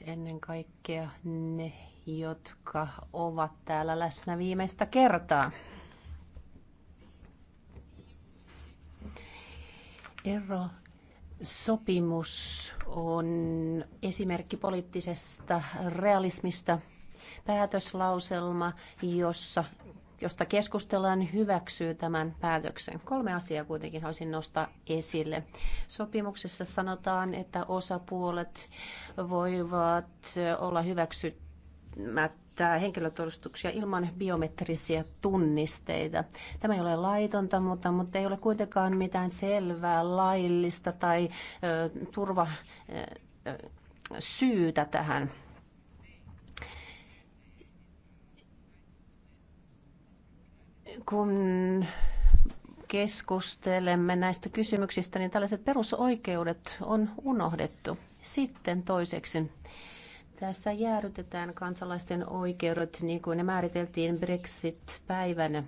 ennen kaikkea ne, jotka ovat täällä läsnä viimeistä kertaa. Ero sopimus on esimerkki poliittisesta realismista päätöslauselma, jossa josta keskustellaan, hyväksyy tämän päätöksen. Kolme asiaa kuitenkin haluaisin nostaa esille. Sopimuksessa sanotaan, että osapuolet voivat olla hyväksymättä henkilötodistuksia ilman biometrisiä tunnisteita. Tämä ei ole laitonta, mutta, mutta ei ole kuitenkaan mitään selvää laillista tai ö, turva ö, syytä tähän kun keskustelemme näistä kysymyksistä, niin tällaiset perusoikeudet on unohdettu. Sitten toiseksi. Tässä jäädytetään kansalaisten oikeudet, niin kuin ne määriteltiin Brexit-päivänä.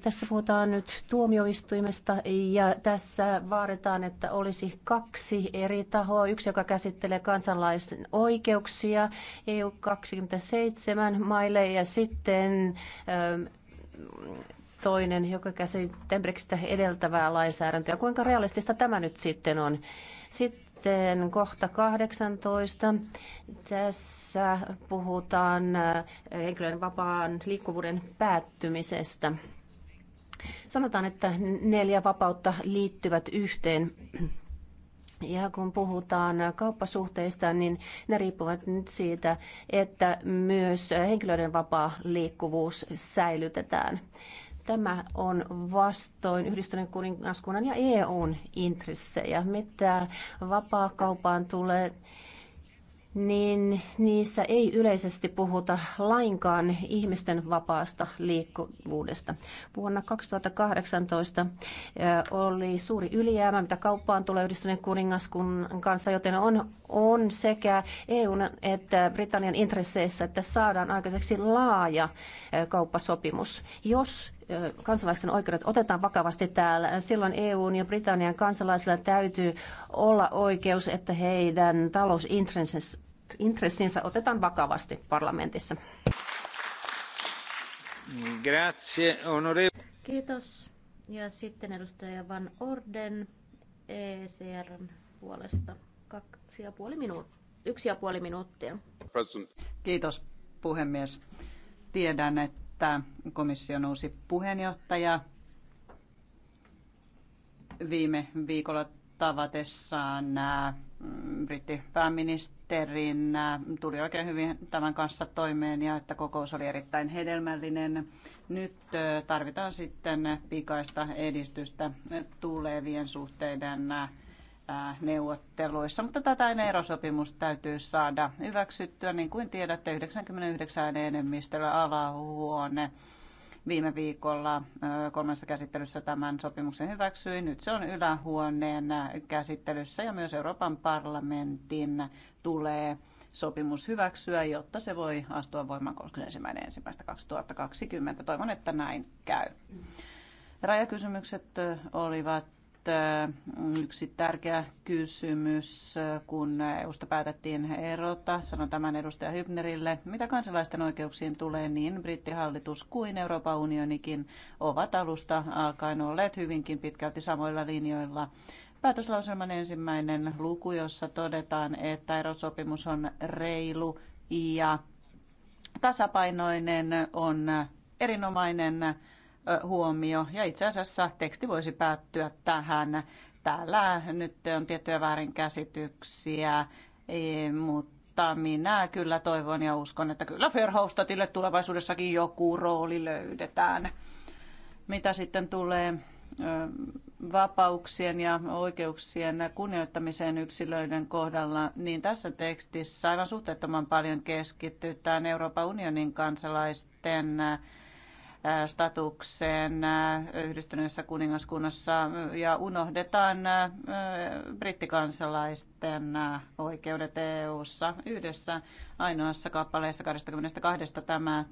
Tässä puhutaan nyt tuomioistuimesta ja tässä vaaditaan, että olisi kaksi eri tahoa. Yksi, joka käsittelee kansalaisten oikeuksia EU27 maille ja sitten ähm, toinen, joka käsittelee Brexitä edeltävää lainsäädäntöä. Kuinka realistista tämä nyt sitten on? Sitten sitten kohta 18. Tässä puhutaan eh, henkilön vapaan liikkuvuuden päättymisestä. Sanotaan, että neljä vapautta liittyvät yhteen. Ja kun puhutaan kauppasuhteista, niin ne riippuvat nyt siitä, että myös henkilöiden vapaa liikkuvuus säilytetään. Tämä on vastoin Yhdistyneen kuningaskunnan ja EUn intressejä. Mitä vapaakaupaan tulee, niin niissä ei yleisesti puhuta lainkaan ihmisten vapaasta liikkuvuudesta. Vuonna 2018 oli suuri ylijäämä, mitä kauppaan tulee yhdistyneen kuningaskunnan kanssa, joten on, on sekä EUn että Britannian intresseissä, että saadaan aikaiseksi laaja kauppasopimus. Jos kansalaisten oikeudet otetaan vakavasti täällä. Silloin EUn ja Britannian kansalaisilla täytyy olla oikeus, että heidän talousintressinsä otetaan vakavasti parlamentissa. Grazie, onore... Kiitos. Ja sitten edustaja Van Orden ecr puolesta. Kaksi ja puoli minuuttia. Yksi ja puoli minuuttia. Kiitos puhemies. Tiedän, että että komission uusi puheenjohtaja viime viikolla tavatessaan brittipääministerin tuli oikein hyvin tämän kanssa toimeen ja että kokous oli erittäin hedelmällinen. Nyt tarvitaan sitten pikaista edistystä tulevien suhteiden neuvotteluissa, mutta tätä erosopimus täytyy saada hyväksyttyä. Niin kuin tiedätte, 99 enemmistöllä alahuone viime viikolla kolmessa käsittelyssä tämän sopimuksen hyväksyi. Nyt se on ylähuoneen käsittelyssä ja myös Euroopan parlamentin tulee sopimus hyväksyä, jotta se voi astua voimaan 31.1.2020. Toivon, että näin käy. Rajakysymykset olivat Äh, yksi tärkeä kysymys, äh, kun EUsta päätettiin erota. Sanon tämän edustaja Hybnerille. Mitä kansalaisten oikeuksiin tulee, niin brittihallitus kuin Euroopan unionikin ovat alusta alkaen olleet hyvinkin pitkälti samoilla linjoilla. Päätöslauselman ensimmäinen luku, jossa todetaan, että erosopimus on reilu ja tasapainoinen, on erinomainen huomio. Ja itse asiassa teksti voisi päättyä tähän. Täällä nyt on tiettyjä väärinkäsityksiä, e, mutta minä kyllä toivon ja uskon, että kyllä Verhaustatille tulevaisuudessakin joku rooli löydetään. Mitä sitten tulee vapauksien ja oikeuksien kunnioittamiseen yksilöiden kohdalla, niin tässä tekstissä aivan suhteettoman paljon keskitytään Euroopan unionin kansalaisten statukseen yhdistyneessä kuningaskunnassa ja unohdetaan brittikansalaisten oikeudet EU-ssa. Yhdessä ainoassa kappaleessa 22 tämä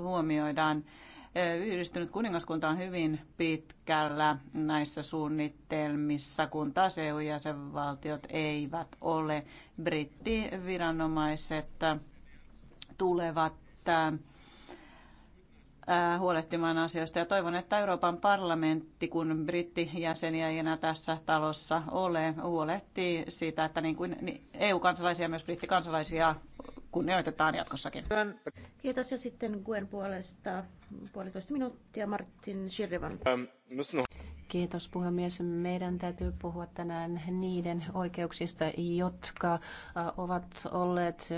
huomioidaan. Yhdistynyt kuningaskunta on hyvin pitkällä näissä suunnitelmissa, kun taas EU-jäsenvaltiot eivät ole. Brittiviranomaiset tulevat huolehtimaan asioista. Ja toivon, että Euroopan parlamentti, kun brittijäseniä ei enää tässä talossa ole, huolehtii siitä, että niin kuin EU-kansalaisia myös brittikansalaisia kunnioitetaan jatkossakin. Kiitos ja sitten Gwen puolesta puolitoista minuuttia Martin Shirrivan. Ähm, Kiitos puhemies. Meidän täytyy puhua tänään niiden oikeuksista, jotka ovat olleet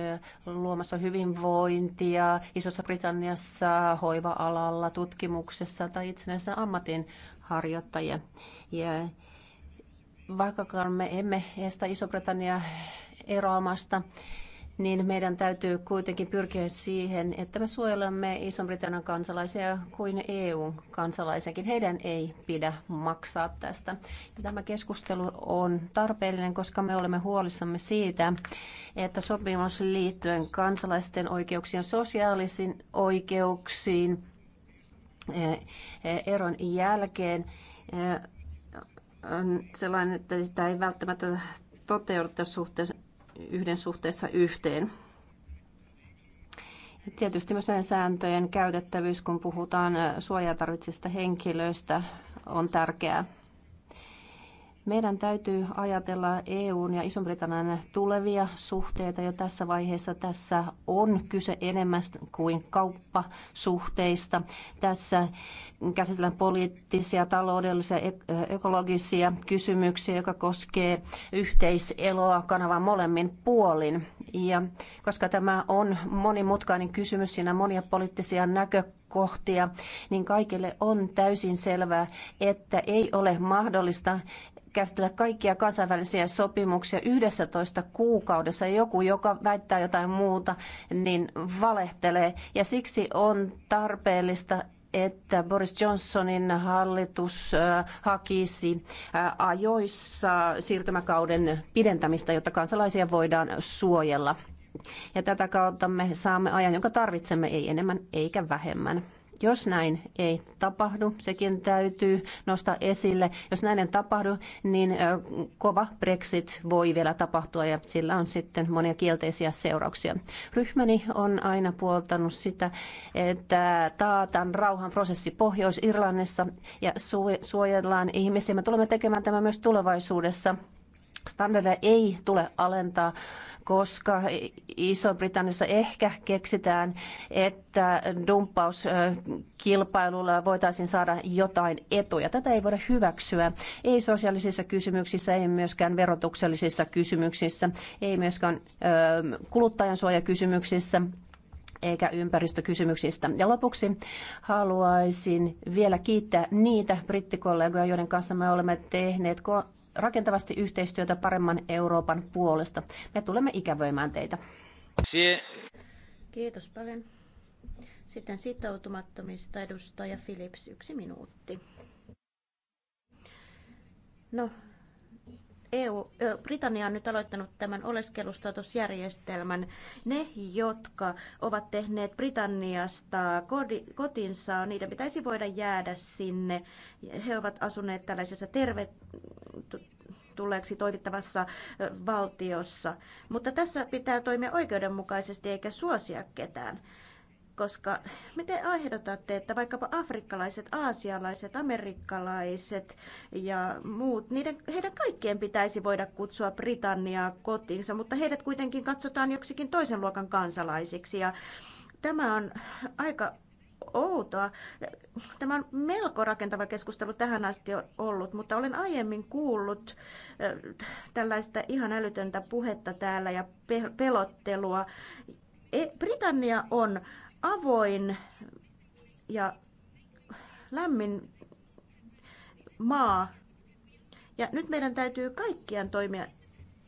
luomassa hyvinvointia Isossa Britanniassa, hoiva-alalla, tutkimuksessa tai itsenäisessä ammatin harjoittajia. Ja vaikkakaan me emme estä Iso-Britannia eroamasta, niin meidän täytyy kuitenkin pyrkiä siihen, että me suojelemme Ison-Britannian kansalaisia kuin EU-kansalaisenkin. Heidän ei pidä maksaa tästä. Ja tämä keskustelu on tarpeellinen, koska me olemme huolissamme siitä, että sopimus liittyen kansalaisten oikeuksien sosiaalisiin oikeuksiin eh, eron jälkeen eh, on sellainen, että sitä ei välttämättä toteudeta suhteessa yhden suhteessa yhteen. Tietysti myös näiden sääntöjen käytettävyys, kun puhutaan suojaa tarvitsevista henkilöistä, on tärkeää. Meidän täytyy ajatella EUn ja Iso-Britannian tulevia suhteita jo tässä vaiheessa. Tässä on kyse enemmän kuin kauppasuhteista. Tässä käsitellään poliittisia, taloudellisia, ekologisia kysymyksiä, joka koskee yhteiseloa kanavan molemmin puolin. Ja koska tämä on monimutkainen kysymys, siinä on monia poliittisia näkökulmia kohtia, niin kaikille on täysin selvää, että ei ole mahdollista käsitellä kaikkia kansainvälisiä sopimuksia 11 kuukaudessa. Joku, joka väittää jotain muuta, niin valehtelee. Ja siksi on tarpeellista, että Boris Johnsonin hallitus hakisi ajoissa siirtymäkauden pidentämistä, jotta kansalaisia voidaan suojella. Ja tätä kautta me saamme ajan, jonka tarvitsemme, ei enemmän eikä vähemmän. Jos näin ei tapahdu, sekin täytyy nostaa esille. Jos näin ei tapahdu, niin kova Brexit voi vielä tapahtua ja sillä on sitten monia kielteisiä seurauksia. Ryhmäni on aina puoltanut sitä, että taataan rauhan prosessi Pohjois-Irlannissa ja suojellaan ihmisiä. Me tulemme tekemään tämä myös tulevaisuudessa. Standardeja ei tule alentaa koska Iso-Britanniassa ehkä keksitään, että dumppauskilpailulla voitaisiin saada jotain etuja. Tätä ei voida hyväksyä. Ei sosiaalisissa kysymyksissä, ei myöskään verotuksellisissa kysymyksissä, ei myöskään ähm, kuluttajansuojakysymyksissä eikä ympäristökysymyksistä. Ja lopuksi haluaisin vielä kiittää niitä brittikollegoja, joiden kanssa me olemme tehneet rakentavasti yhteistyötä paremman Euroopan puolesta. Me tulemme ikävöimään teitä. Kiitos paljon. Sitten sitoutumattomista edustaja Philips, yksi minuutti. No, EU, Britannia on nyt aloittanut tämän oleskelustatusjärjestelmän. Ne, jotka ovat tehneet Britanniasta kotinsa, niiden pitäisi voida jäädä sinne. He ovat asuneet tällaisessa terve tulleeksi toivittavassa valtiossa. Mutta tässä pitää toimia oikeudenmukaisesti eikä suosia ketään koska miten ehdotatte, että vaikkapa afrikkalaiset, aasialaiset, amerikkalaiset ja muut, niiden, heidän kaikkien pitäisi voida kutsua Britanniaa kotiinsa, mutta heidät kuitenkin katsotaan joksikin toisen luokan kansalaisiksi ja tämä on aika outoa. Tämä on melko rakentava keskustelu tähän asti ollut, mutta olen aiemmin kuullut tällaista ihan älytöntä puhetta täällä ja pelottelua. E, Britannia on avoin ja lämmin maa. Ja nyt meidän täytyy kaikkien toimia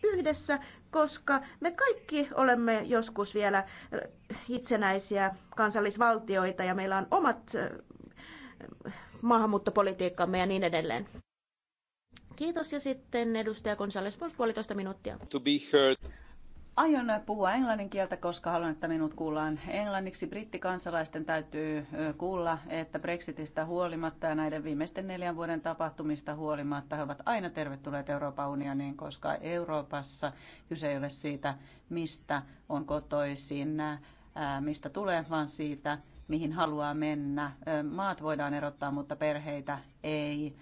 yhdessä, koska me kaikki olemme joskus vielä äh, itsenäisiä kansallisvaltioita ja meillä on omat äh, maahanmuuttopolitiikkamme ja niin edelleen. Kiitos ja sitten edustaja Gonzales puolitoista minuuttia. To be heard. Aion puhua englannin kieltä, koska haluan, että minut kuullaan englanniksi. Brittikansalaisten täytyy kuulla, että Brexitistä huolimatta ja näiden viimeisten neljän vuoden tapahtumista huolimatta he ovat aina tervetulleet Euroopan unioniin, koska Euroopassa kyse ei ole siitä, mistä on kotoisin, mistä tulee, vaan siitä, mihin haluaa mennä. Maat voidaan erottaa, mutta perheitä ei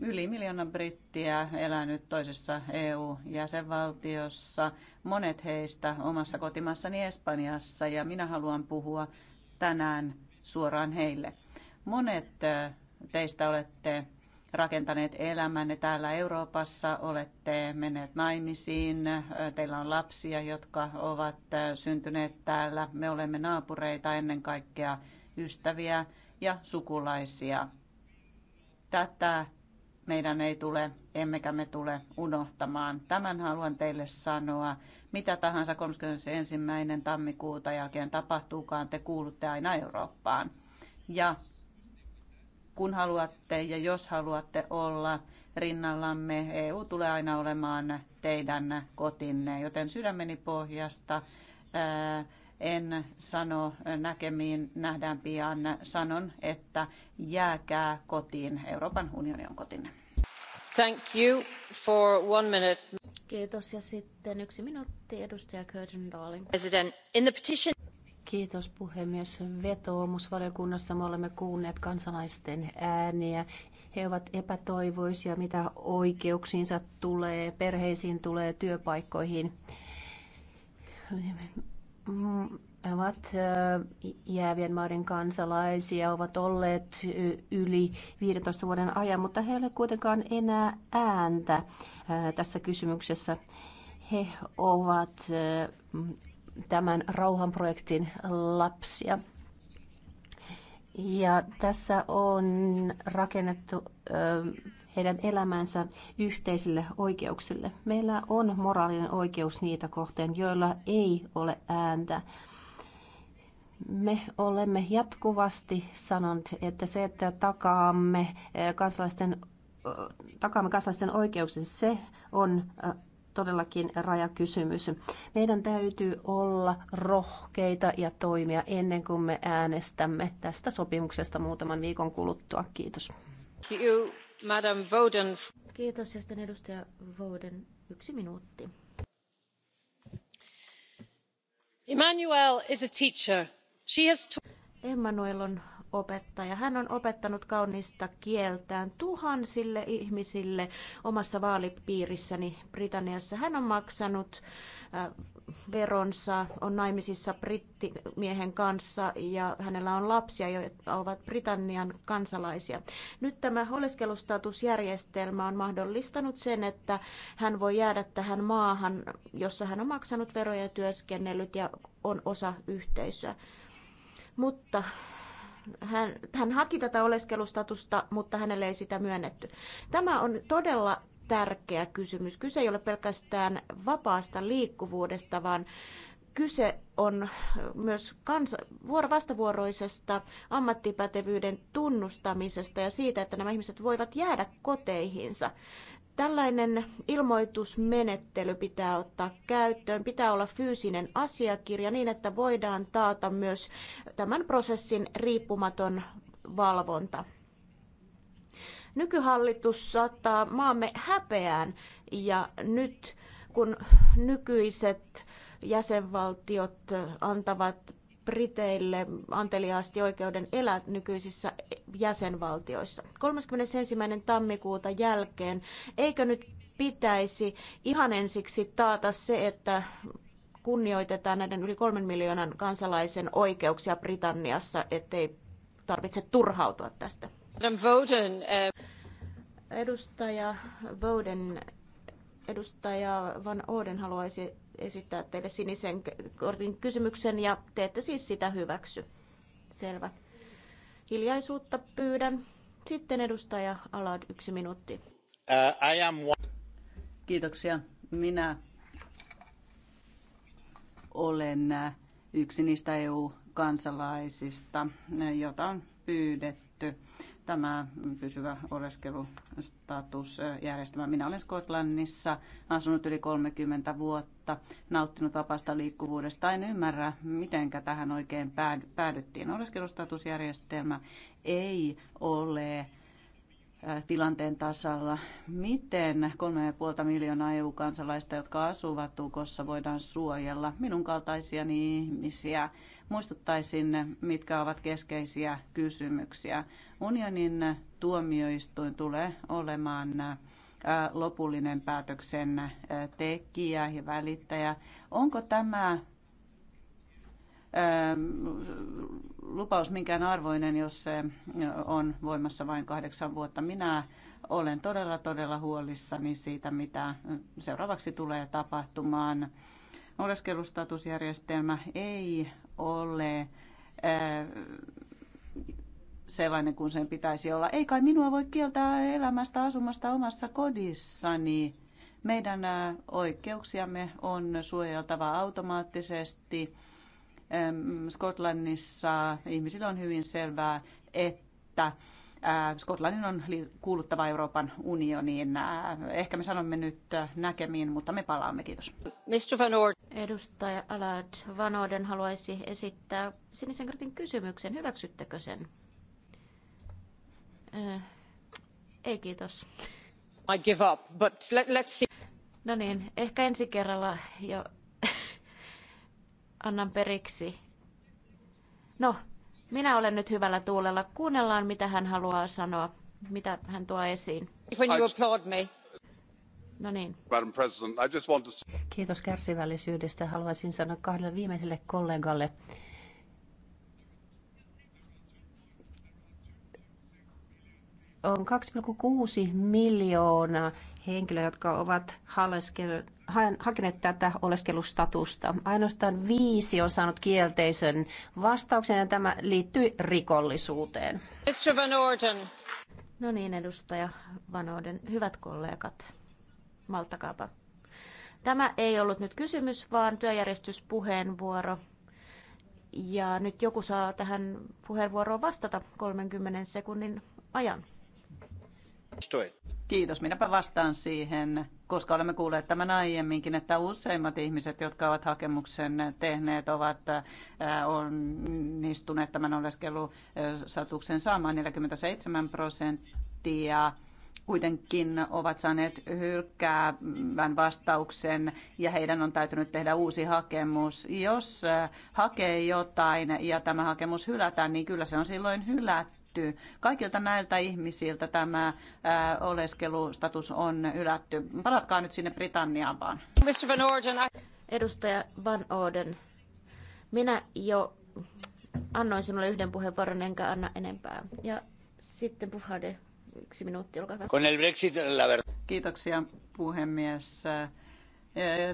yli miljoona brittiä elänyt toisessa EU-jäsenvaltiossa, monet heistä omassa kotimaassani Espanjassa, ja minä haluan puhua tänään suoraan heille. Monet teistä olette rakentaneet elämänne täällä Euroopassa, olette menneet naimisiin, teillä on lapsia, jotka ovat syntyneet täällä. Me olemme naapureita ennen kaikkea ystäviä ja sukulaisia. Tätä meidän ei tule, emmekä me tule unohtamaan. Tämän haluan teille sanoa. Mitä tahansa 31. tammikuuta jälkeen tapahtuukaan, te kuulutte aina Eurooppaan. Ja kun haluatte ja jos haluatte olla rinnallamme, EU tulee aina olemaan teidän kotinne, joten sydämeni pohjasta ää, en sano näkemiin, nähdään pian, sanon, että jääkää kotiin, Euroopan unioni on kotinne. Thank you for one minute. Kiitos ja sitten yksi minuutti edustaja Curtin Darling. President, in the petition... Kiitos puhemies. Vetoomusvaliokunnassa me olemme kuunneet kansalaisten ääniä. He ovat epätoivoisia, mitä oikeuksiinsa tulee, perheisiin tulee, työpaikkoihin he ovat jäävien maiden kansalaisia, ovat olleet yli 15 vuoden ajan, mutta heillä ei ole kuitenkaan enää ääntä tässä kysymyksessä. He ovat tämän rauhanprojektin lapsia. Ja tässä on rakennettu heidän elämänsä yhteisille oikeuksille. Meillä on moraalinen oikeus niitä kohteen, joilla ei ole ääntä. Me olemme jatkuvasti sanoneet, että se, että takaamme eh, kansalaisten, takaamme kansalaisten oikeuksien, se on todellakin rajakysymys. Meidän täytyy olla rohkeita ja toimia ennen kuin me äänestämme tästä sopimuksesta muutaman viikon kuluttua. Kiitos. Madam Kiitos ja sitten edustaja Voden. Yksi minuutti. Emmanuel is a teacher Emmanuel on opettaja. Hän on opettanut kaunista kieltään tuhansille ihmisille omassa vaalipiirissäni Britanniassa. Hän on maksanut äh, veronsa, on naimisissa brittimiehen kanssa ja hänellä on lapsia, jotka ovat Britannian kansalaisia. Nyt tämä oleskelustatusjärjestelmä on mahdollistanut sen, että hän voi jäädä tähän maahan, jossa hän on maksanut veroja ja työskennellyt ja on osa yhteisöä mutta hän, hän haki tätä oleskelustatusta, mutta hänelle ei sitä myönnetty. Tämä on todella tärkeä kysymys. Kyse ei ole pelkästään vapaasta liikkuvuudesta, vaan kyse on myös kansa, vastavuoroisesta ammattipätevyyden tunnustamisesta ja siitä, että nämä ihmiset voivat jäädä koteihinsa. Tällainen ilmoitusmenettely pitää ottaa käyttöön, pitää olla fyysinen asiakirja niin, että voidaan taata myös tämän prosessin riippumaton valvonta. Nykyhallitus saattaa maamme häpeään ja nyt kun nykyiset jäsenvaltiot antavat Briteille anteliaasti oikeuden elää nykyisissä jäsenvaltioissa. 31. tammikuuta jälkeen, eikö nyt pitäisi ihan ensiksi taata se, että kunnioitetaan näiden yli kolmen miljoonan kansalaisen oikeuksia Britanniassa, ettei tarvitse turhautua tästä. Voden, eh- Edustaja Voden, edustaja Van Oden haluaisi esittää teille sinisen kortin kysymyksen ja te ette siis sitä hyväksy. Selvä. Hiljaisuutta pyydän. Sitten edustaja Alad, yksi minuutti. Uh, Kiitoksia. Minä olen yksi niistä EU-kansalaisista, jota on pyydetty hyväksytty tämä pysyvä oleskelustatusjärjestelmä. Minä olen Skotlannissa asunut yli 30 vuotta, nauttinut vapaasta liikkuvuudesta. En ymmärrä, miten tähän oikein päädyttiin. Oleskelustatusjärjestelmä ei ole tilanteen tasalla. Miten 3,5 miljoonaa EU-kansalaista, jotka asuvat Tukossa, voidaan suojella? Minun kaltaisiani ihmisiä. Muistuttaisin, mitkä ovat keskeisiä kysymyksiä. Unionin tuomioistuin tulee olemaan lopullinen päätöksen tekijä ja välittäjä. Onko tämä Ähm, lupaus minkään arvoinen, jos se on voimassa vain kahdeksan vuotta. Minä olen todella, todella huolissani siitä, mitä seuraavaksi tulee tapahtumaan. Oleskelustatusjärjestelmä ei ole äh, sellainen kuin sen pitäisi olla. Ei kai minua voi kieltää elämästä asumasta omassa kodissani. Meidän äh, oikeuksiamme on suojeltava automaattisesti Skotlannissa ihmisillä on hyvin selvää, että Skotlannin on kuuluttava Euroopan unioniin. Ehkä me sanomme nyt näkemiin, mutta me palaamme. Kiitos. Mr. Van Orden. Edustaja Alad Van Orden haluaisi esittää sinisen kartin kysymyksen. Hyväksyttekö sen? Äh, ei kiitos. I give up, but let, let's see. No niin, ehkä ensi kerralla jo annan periksi. No, minä olen nyt hyvällä tuulella. Kuunnellaan, mitä hän haluaa sanoa, mitä hän tuo esiin. When you applaud me. No niin. Kiitos kärsivällisyydestä. Haluaisin sanoa kahdelle viimeiselle kollegalle, on 2,6 miljoonaa henkilöä, jotka ovat hakeneet tätä oleskelustatusta. Ainoastaan viisi on saanut kielteisen vastauksen ja tämä liittyy rikollisuuteen. Mr. Van Orden. No niin, edustaja Van Orden. Hyvät kollegat, malttakaapa. Tämä ei ollut nyt kysymys, vaan työjärjestyspuheenvuoro. Ja nyt joku saa tähän puheenvuoroon vastata 30 sekunnin ajan. Kiitos, minäpä vastaan siihen, koska olemme kuulleet tämän aiemminkin, että useimmat ihmiset, jotka ovat hakemuksen tehneet, ovat äh, onnistuneet tämän oleskelusatuksen saamaan 47 prosenttia kuitenkin ovat saaneet hylkäävän vastauksen ja heidän on täytynyt tehdä uusi hakemus. Jos äh, hakee jotain ja tämä hakemus hylätään, niin kyllä se on silloin hylätty hylättyä. Kaikilta näiltä ihmisiltä tämä oleskelustatus on ylätty. Palatkaa nyt sinne Britanniaan vaan. Mr. Van Orden, I... Edustaja Van Orden, minä jo annoin sinulle yhden puheenvuoron, enkä anna enempää. Ja sitten puhade yksi minuutti, olkaa hyvä. Kiitoksia puhemies.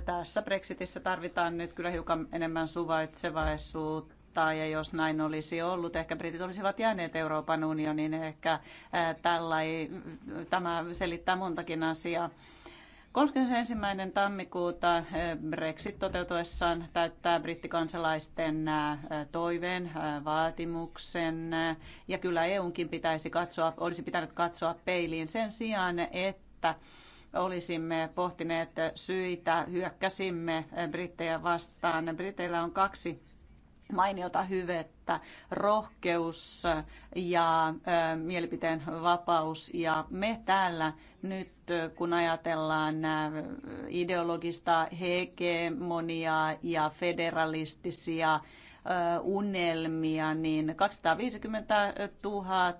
Tässä Brexitissä tarvitaan nyt kyllä hiukan enemmän suvaitsevaisuutta johtaa ja jos näin olisi ollut, ehkä britit olisivat jääneet Euroopan unioniin, niin ehkä tällai, tämä selittää montakin asiaa. 31. tammikuuta Brexit toteutuessaan täyttää brittikansalaisten toiveen, vaatimuksen ja kyllä EUnkin pitäisi katsoa, olisi pitänyt katsoa peiliin sen sijaan, että olisimme pohtineet syitä, hyökkäsimme brittejä vastaan. Briteillä on kaksi mainiota hyvettä, rohkeus ja mielipiteen vapaus. Ja me täällä nyt, kun ajatellaan ideologista hegemoniaa ja federalistisia unelmia, niin 250 000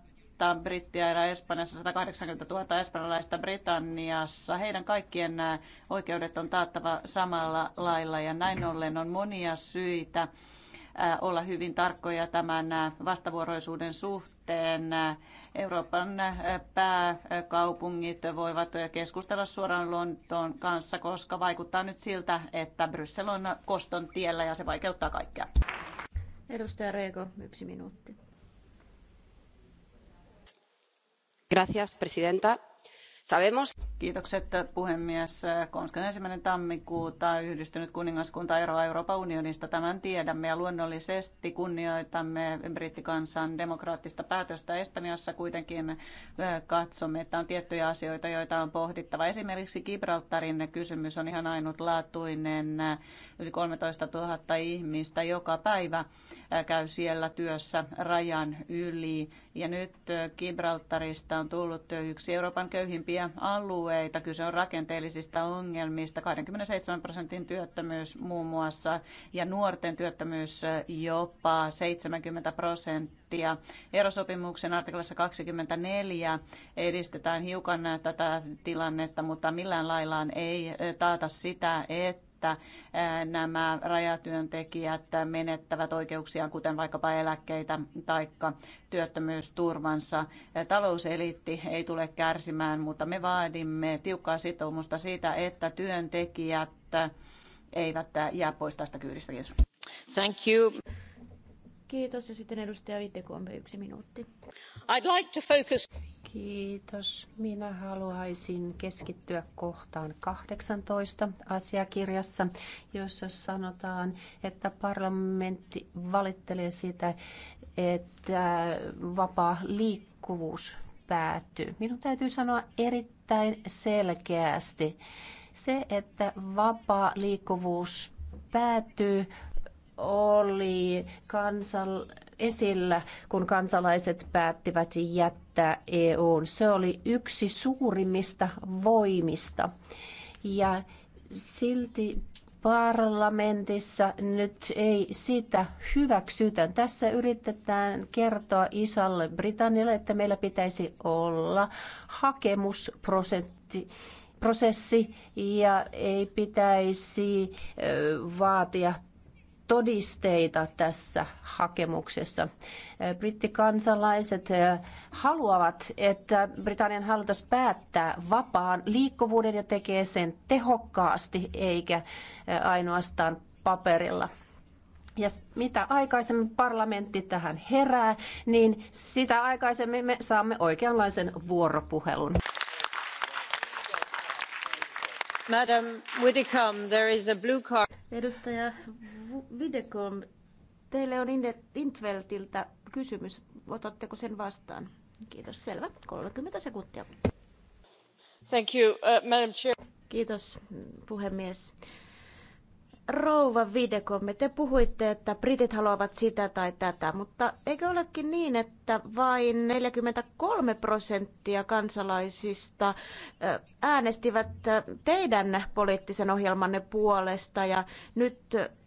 brittiä ja Espanjassa 180 000 espanjalaista Britanniassa. Heidän kaikkien nämä oikeudet on taattava samalla lailla ja näin ollen on monia syitä Äh, olla hyvin tarkkoja tämän äh, vastavuoroisuuden suhteen. Euroopan äh, pääkaupungit voivat keskustella suoraan Lontoon kanssa, koska vaikuttaa nyt siltä, että Bryssel on koston tiellä ja se vaikeuttaa kaikkea. Edustaja Reego, yksi minuutti. Gracias, presidenta Sabemos... Kiitokset puhemies. 31. tammikuuta yhdistynyt kuningaskunta eroaa Euroopan unionista. Tämän tiedämme ja luonnollisesti kunnioitamme brittikansan demokraattista päätöstä Espanjassa. Kuitenkin eh, katsomme, että on tiettyjä asioita, joita on pohdittava. Esimerkiksi Gibraltarin kysymys on ihan ainutlaatuinen. Yli 13 000 ihmistä joka päivä eh, käy siellä työssä rajan yli. Ja nyt eh, Gibraltarista on tullut yksi Euroopan köyhimpiä köyhimpiä alueita. Kyse on rakenteellisista ongelmista, 27 prosentin työttömyys muun muassa ja nuorten työttömyys jopa 70 prosenttia. Erosopimuksen artiklassa 24 edistetään hiukan tätä tilannetta, mutta millään laillaan ei taata sitä, että että nämä rajatyöntekijät menettävät oikeuksiaan, kuten vaikkapa eläkkeitä tai työttömyysturvansa. Talouseliitti ei tule kärsimään, mutta me vaadimme tiukkaa sitoumusta siitä, että työntekijät eivät jää pois tästä kyydistä. Kiitos. Thank you. Kiitos ja sitten edustaja Ittekombe yksi minuutti. I'd like to focus... Kiitos. Minä haluaisin keskittyä kohtaan 18 asiakirjassa, jossa sanotaan, että parlamentti valittelee sitä, että vapaa liikkuvuus päättyy. Minun täytyy sanoa erittäin selkeästi. Se, että vapaa liikkuvuus päättyy, oli kansal- esillä, kun kansalaiset päättivät jättää EUn. Se oli yksi suurimmista voimista. Ja silti parlamentissa nyt ei sitä hyväksytä. Tässä yritetään kertoa isolle Britannialle, että meillä pitäisi olla hakemusprosentti prosessi ja ei pitäisi vaatia todisteita tässä hakemuksessa. Brittikansalaiset eh, haluavat, että Britannian hallitus päättää vapaan liikkuvuuden ja tekee sen tehokkaasti eikä eh, ainoastaan paperilla. Ja mitä aikaisemmin parlamentti tähän herää, niin sitä aikaisemmin me saamme oikeanlaisen vuoropuhelun. Madam Widdicombe, there is a blue card. Edustaja Widdicombe, teille on Intveltiltä kysymys. Otatteko sen vastaan? Kiitos, selvä. 30 sekuntia. Thank you, uh, Madam Chair. Kiitos, mm, puhemies. Rouva Videkomme, te puhuitte, että britit haluavat sitä tai tätä, mutta eikö olekin niin, että vain 43 prosenttia kansalaisista äänestivät teidän poliittisen ohjelmanne puolesta ja nyt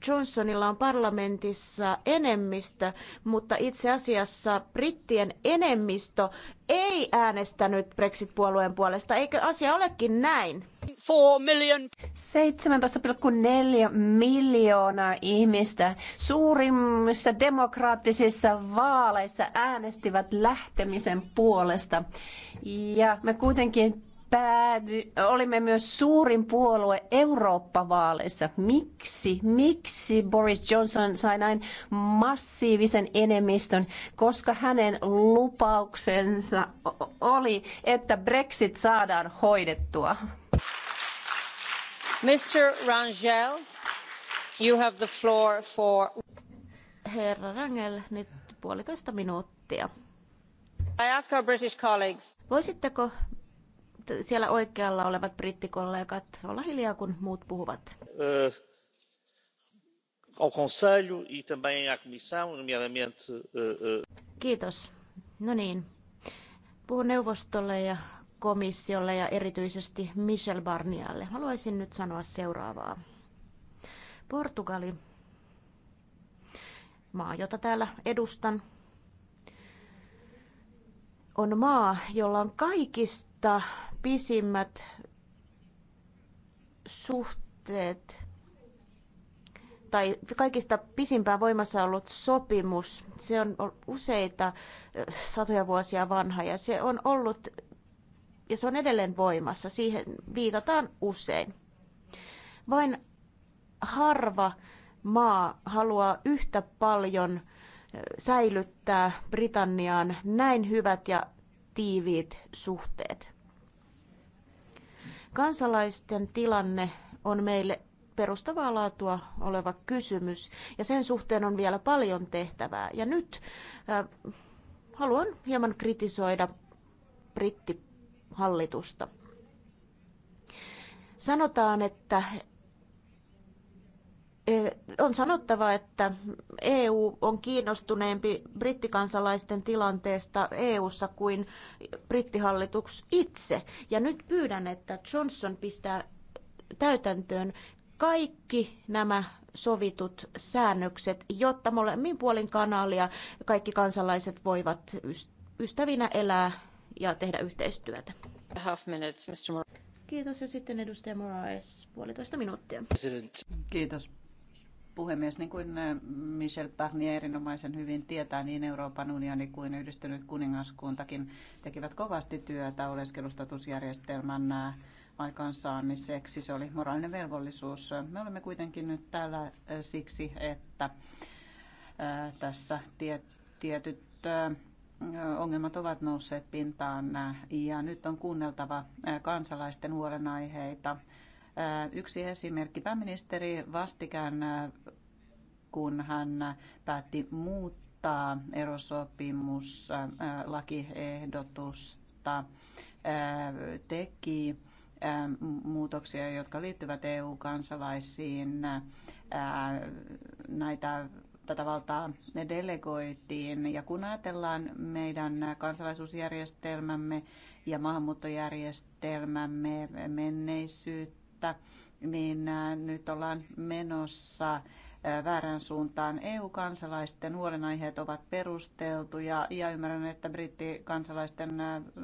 Johnsonilla on parlamentissa enemmistö, mutta itse asiassa brittien enemmistö ei äänestänyt Brexit-puolueen puolesta. Eikö asia olekin näin? 17,4 miljoonaa ihmistä suurimmissa demokraattisissa vaaleissa äänestivät lähtemisen puolesta. Ja me kuitenkin päädy, olimme myös suurin puolue Eurooppa-vaaleissa. Miksi? Miksi Boris Johnson sai näin massiivisen enemmistön? Koska hänen lupauksensa oli, että Brexit saadaan hoidettua. Mr. Rangel, you have the floor for... Herra Rangel, nyt puolitoista minuuttia. I ask our British colleagues. Voisitteko siellä oikealla olevat brittikollegat olla hiljaa, kun muut puhuvat. Eh, e eh, eh, Kiitos. No niin. Puhun neuvostolle ja komissiolle ja erityisesti Michel Barnialle. Haluaisin nyt sanoa seuraavaa. Portugali, maa jota täällä edustan, on maa, jolla on kaikista pisimmät suhteet tai kaikista pisimpään voimassa ollut sopimus. Se on useita satoja vuosia vanha ja se on ollut ja se on edelleen voimassa. Siihen viitataan usein. Vain harva maa haluaa yhtä paljon säilyttää Britanniaan näin hyvät ja tiiviit suhteet. Kansalaisten tilanne on meille perustavaa laatua oleva kysymys ja sen suhteen on vielä paljon tehtävää. Ja nyt äh, haluan hieman kritisoida brittihallitusta. Sanotaan, että on sanottava, että EU on kiinnostuneempi brittikansalaisten tilanteesta EU:ssa kuin brittihallitus itse. Ja nyt pyydän, että Johnson pistää täytäntöön kaikki nämä sovitut säännökset, jotta molemmin puolin kanalia kaikki kansalaiset voivat ystävinä elää ja tehdä yhteistyötä. Half minutes, Mr. Kiitos ja sitten edustaja Moraes, puolitoista minuuttia. President, Kiitos puhemies, niin kuin äh, Michel Barnier erinomaisen hyvin tietää, niin Euroopan unioni kuin yhdistynyt kuningaskuntakin tekivät kovasti työtä oleskelustatusjärjestelmän äh, aikaansaamiseksi. Se oli moraalinen velvollisuus. Me olemme kuitenkin nyt täällä äh, siksi, että tässä tietyt ongelmat ovat nousseet pintaan ja nyt on kuunneltava kansalaisten huolenaiheita Yksi esimerkki pääministeri vastikään, kun hän päätti muuttaa erosopimuslakiehdotusta, teki muutoksia, jotka liittyvät EU-kansalaisiin. Näitä tätä valtaa delegoitiin. Ja kun ajatellaan meidän kansalaisuusjärjestelmämme ja maahanmuuttojärjestelmämme menneisyyttä, että niin nyt ollaan menossa väärään suuntaan. EU-kansalaisten huolenaiheet ovat perusteltuja ja ymmärrän, että brittikansalaisten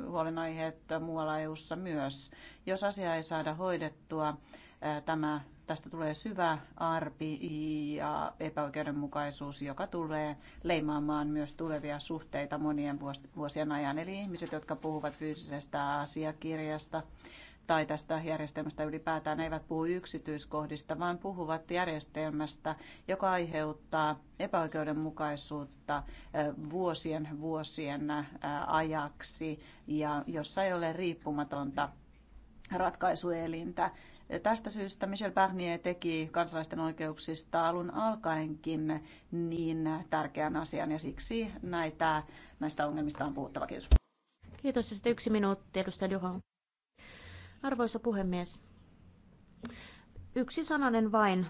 huolenaiheet muualla EU-ssa myös. Jos asia ei saada hoidettua, tämä, tästä tulee syvä arpi ja epäoikeudenmukaisuus, joka tulee leimaamaan myös tulevia suhteita monien vuosien ajan. Eli ihmiset, jotka puhuvat fyysisestä asiakirjasta, tai tästä järjestelmästä ylipäätään eivät puhu yksityiskohdista, vaan puhuvat järjestelmästä, joka aiheuttaa epäoikeudenmukaisuutta vuosien vuosien ajaksi ja jossa ei ole riippumatonta ratkaisuelintä. Tästä syystä Michel Barnier teki kansalaisten oikeuksista alun alkaenkin niin tärkeän asian ja siksi näitä, näistä ongelmista on puhuttava. Kiitos. Kiitos ja sitten yksi minuutti, edustaja Johan. Arvoisa puhemies, yksi sananen vain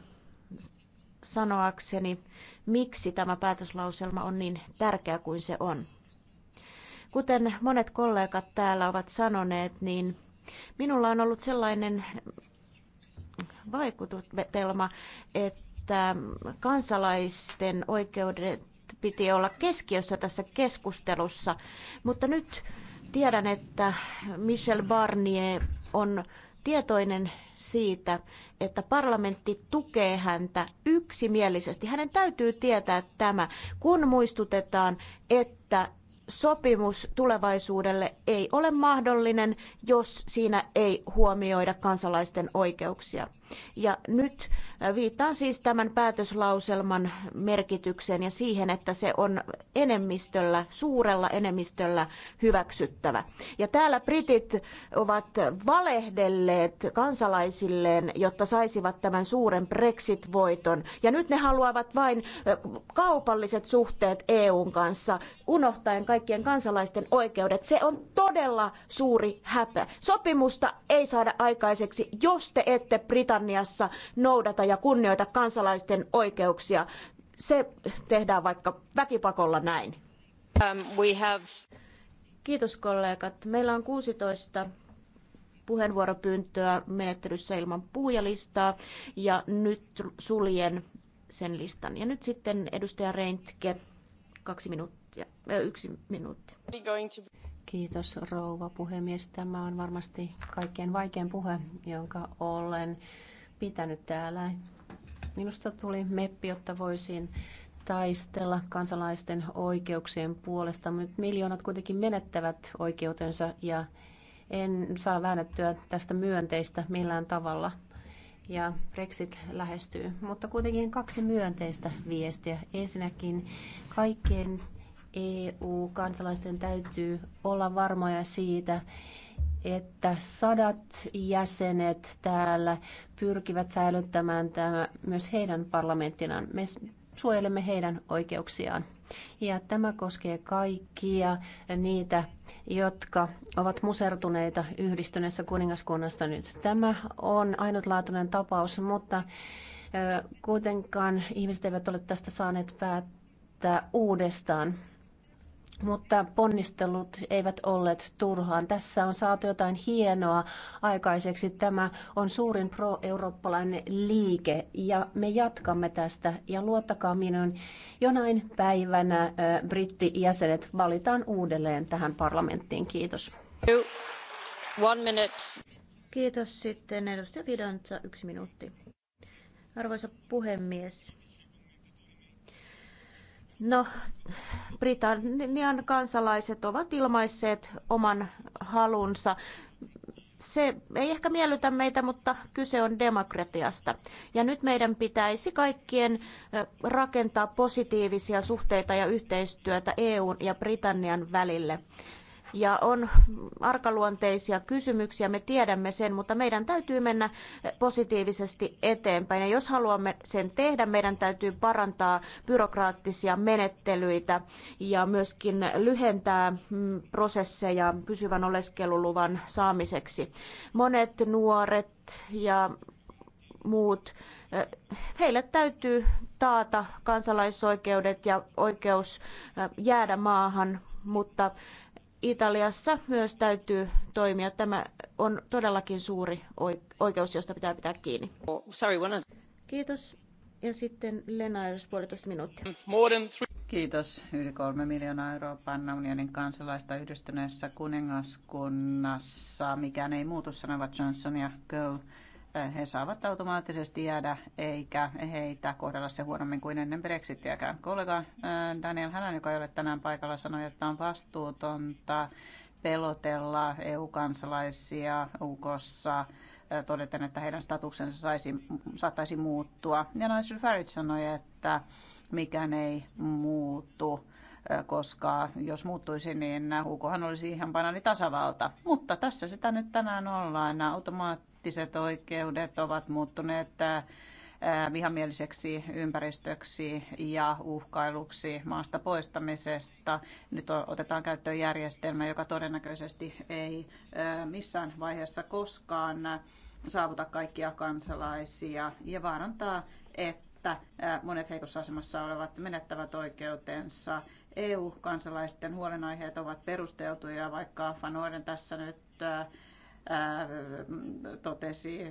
sanoakseni, miksi tämä päätöslauselma on niin tärkeä kuin se on. Kuten monet kollegat täällä ovat sanoneet, niin minulla on ollut sellainen vaikutelma, että kansalaisten oikeudet piti olla keskiössä tässä keskustelussa, mutta nyt tiedän, että Michel Barnier on tietoinen siitä, että parlamentti tukee häntä yksimielisesti. Hänen täytyy tietää tämä, kun muistutetaan, että sopimus tulevaisuudelle ei ole mahdollinen, jos siinä ei huomioida kansalaisten oikeuksia. Ja nyt äh, viittaan siis tämän päätöslauselman merkitykseen ja siihen, että se on enemmistöllä, suurella enemmistöllä hyväksyttävä. Ja täällä britit ovat valehdelleet kansalaisilleen, jotta saisivat tämän suuren Brexit-voiton. Ja nyt ne haluavat vain äh, kaupalliset suhteet EUn kanssa, unohtaen kaikkien kansalaisten oikeudet. Se on todella suuri häpeä. Sopimusta ei saada aikaiseksi, jos te ette Britannia Britanniassa noudata ja kunnioita kansalaisten oikeuksia. Se tehdään vaikka väkipakolla näin. Um, we have... Kiitos kollegat. Meillä on 16 puheenvuoropyyntöä menettelyssä ilman puhujalistaa ja nyt suljen sen listan. Ja nyt sitten edustaja Reintke, kaksi minuuttia, äh, yksi minuutti. Kiitos rouva puhemies. Tämä on varmasti kaikkein vaikein puhe, jonka olen pitänyt täällä. Minusta tuli meppi, jotta voisin taistella kansalaisten oikeuksien puolesta, mutta miljoonat kuitenkin menettävät oikeutensa ja en saa väännettyä tästä myönteistä millään tavalla. Ja Brexit lähestyy, mutta kuitenkin kaksi myönteistä viestiä. Ensinnäkin kaikkien EU-kansalaisten täytyy olla varmoja siitä, että sadat jäsenet täällä pyrkivät säilyttämään tämä, myös heidän parlamenttinaan. Me suojelemme heidän oikeuksiaan. Ja tämä koskee kaikkia niitä, jotka ovat musertuneita yhdistyneessä kuningaskunnasta nyt. Tämä on ainutlaatuinen tapaus, mutta kuitenkaan ihmiset eivät ole tästä saaneet päättää uudestaan mutta ponnistelut eivät olleet turhaan. Tässä on saatu jotain hienoa aikaiseksi. Tämä on suurin pro-eurooppalainen liike ja me jatkamme tästä. Ja luottakaa minun, jonain päivänä brittijäsenet valitaan uudelleen tähän parlamenttiin. Kiitos. One minute. Kiitos sitten edustaja Vidantsa. yksi minuutti. Arvoisa puhemies, No, Britannian kansalaiset ovat ilmaisseet oman halunsa. Se ei ehkä miellytä meitä, mutta kyse on demokratiasta. Ja nyt meidän pitäisi kaikkien rakentaa positiivisia suhteita ja yhteistyötä EUn ja Britannian välille ja on arkaluonteisia kysymyksiä, me tiedämme sen, mutta meidän täytyy mennä positiivisesti eteenpäin. Ja jos haluamme sen tehdä, meidän täytyy parantaa byrokraattisia menettelyitä ja myöskin lyhentää mm, prosesseja pysyvän oleskeluluvan saamiseksi. Monet nuoret ja muut, eh, heille täytyy taata kansalaisoikeudet ja oikeus eh, jäädä maahan, mutta Italiassa myös täytyy toimia. Tämä on todellakin suuri oikeus, josta pitää pitää kiinni. Kiitos. Ja sitten Lena edes puolitoista minuuttia. Kiitos. Yli kolme miljoonaa Euroopan unionin kansalaista yhdistyneessä kuningaskunnassa. Mikään ei muutu, sanovat Johnson ja Go he saavat automaattisesti jäädä eikä heitä kohdella se huonommin kuin ennen Brexitiäkään. Kollega Daniel Hänän, joka ei ole tänään paikalla, sanoi, että on vastuutonta pelotella EU-kansalaisia UKossa todeten, että heidän statuksensa saisi, saattaisi muuttua. Ja Nigel Farage sanoi, että mikään ei muutu koska jos muuttuisi, niin UKhan olisi ihan banaani tasavalta. Mutta tässä sitä nyt tänään ollaan. Automaat, poliittiset oikeudet ovat muuttuneet äh, vihamieliseksi ympäristöksi ja uhkailuksi maasta poistamisesta. Nyt otetaan käyttöön järjestelmä, joka todennäköisesti ei äh, missään vaiheessa koskaan äh, saavuta kaikkia kansalaisia ja vaarantaa, että monet heikossa asemassa olevat menettävät oikeutensa. EU-kansalaisten huolenaiheet ovat perusteltuja, vaikka Fanoiden tässä nyt Äh, totesi, äh,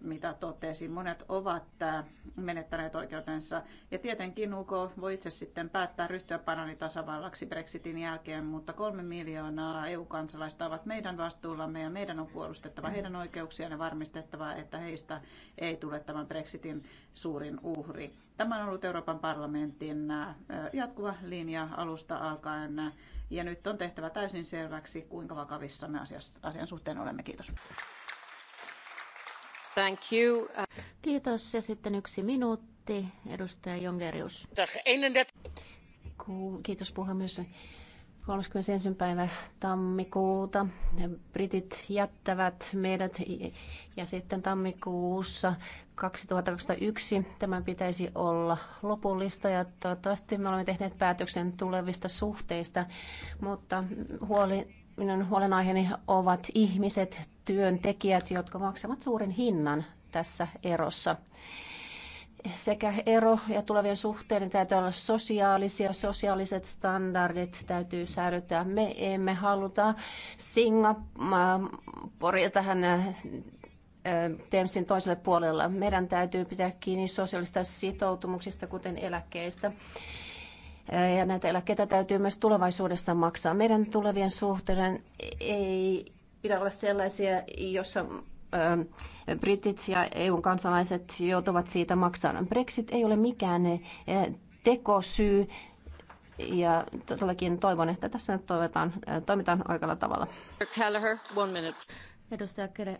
mitä totesi. Monet ovat äh, menettäneet oikeutensa. Ja tietenkin UK voi itse sitten päättää ryhtyä bananitasa Brexitin jälkeen, mutta kolme miljoonaa EU-kansalaista ovat meidän vastuullamme ja meidän on puolustettava heidän oikeuksiaan ja varmistettava, että heistä ei tule tämän Brexitin suurin uhri. Tämä on ollut Euroopan parlamentin jatkuva linja alusta alkaen ja nyt on tehtävä täysin selväksi, kuinka vakavissa me asian suhteen olemme. Kiitos. Thank you. Kiitos. Ja sitten yksi minuutti, edustaja Jongerius. Kiitos puhemies. 31. päivä tammikuuta britit jättävät meidät ja sitten tammikuussa 2021 tämän pitäisi olla lopullista ja toivottavasti me olemme tehneet päätöksen tulevista suhteista, mutta huoli, minun huolenaiheeni ovat ihmiset, työntekijät, jotka maksavat suuren hinnan tässä erossa sekä ero ja tulevien suhteiden täytyy olla sosiaalisia, sosiaaliset standardit täytyy säilyttää. Me emme haluta Singaporea tähän äh, Temsin toiselle puolelle Meidän täytyy pitää kiinni sosiaalista sitoutumuksista, kuten eläkkeistä. Äh, ja näitä eläkkeitä täytyy myös tulevaisuudessa maksaa. Meidän tulevien suhteiden ei pidä olla sellaisia, joissa britit ja EUn kansalaiset joutuvat siitä maksamaan. Brexit ei ole mikään tekosyy ja todellakin toivon, että tässä nyt toivotaan, toimitaan oikealla tavalla. one minute. Edustaja Keller,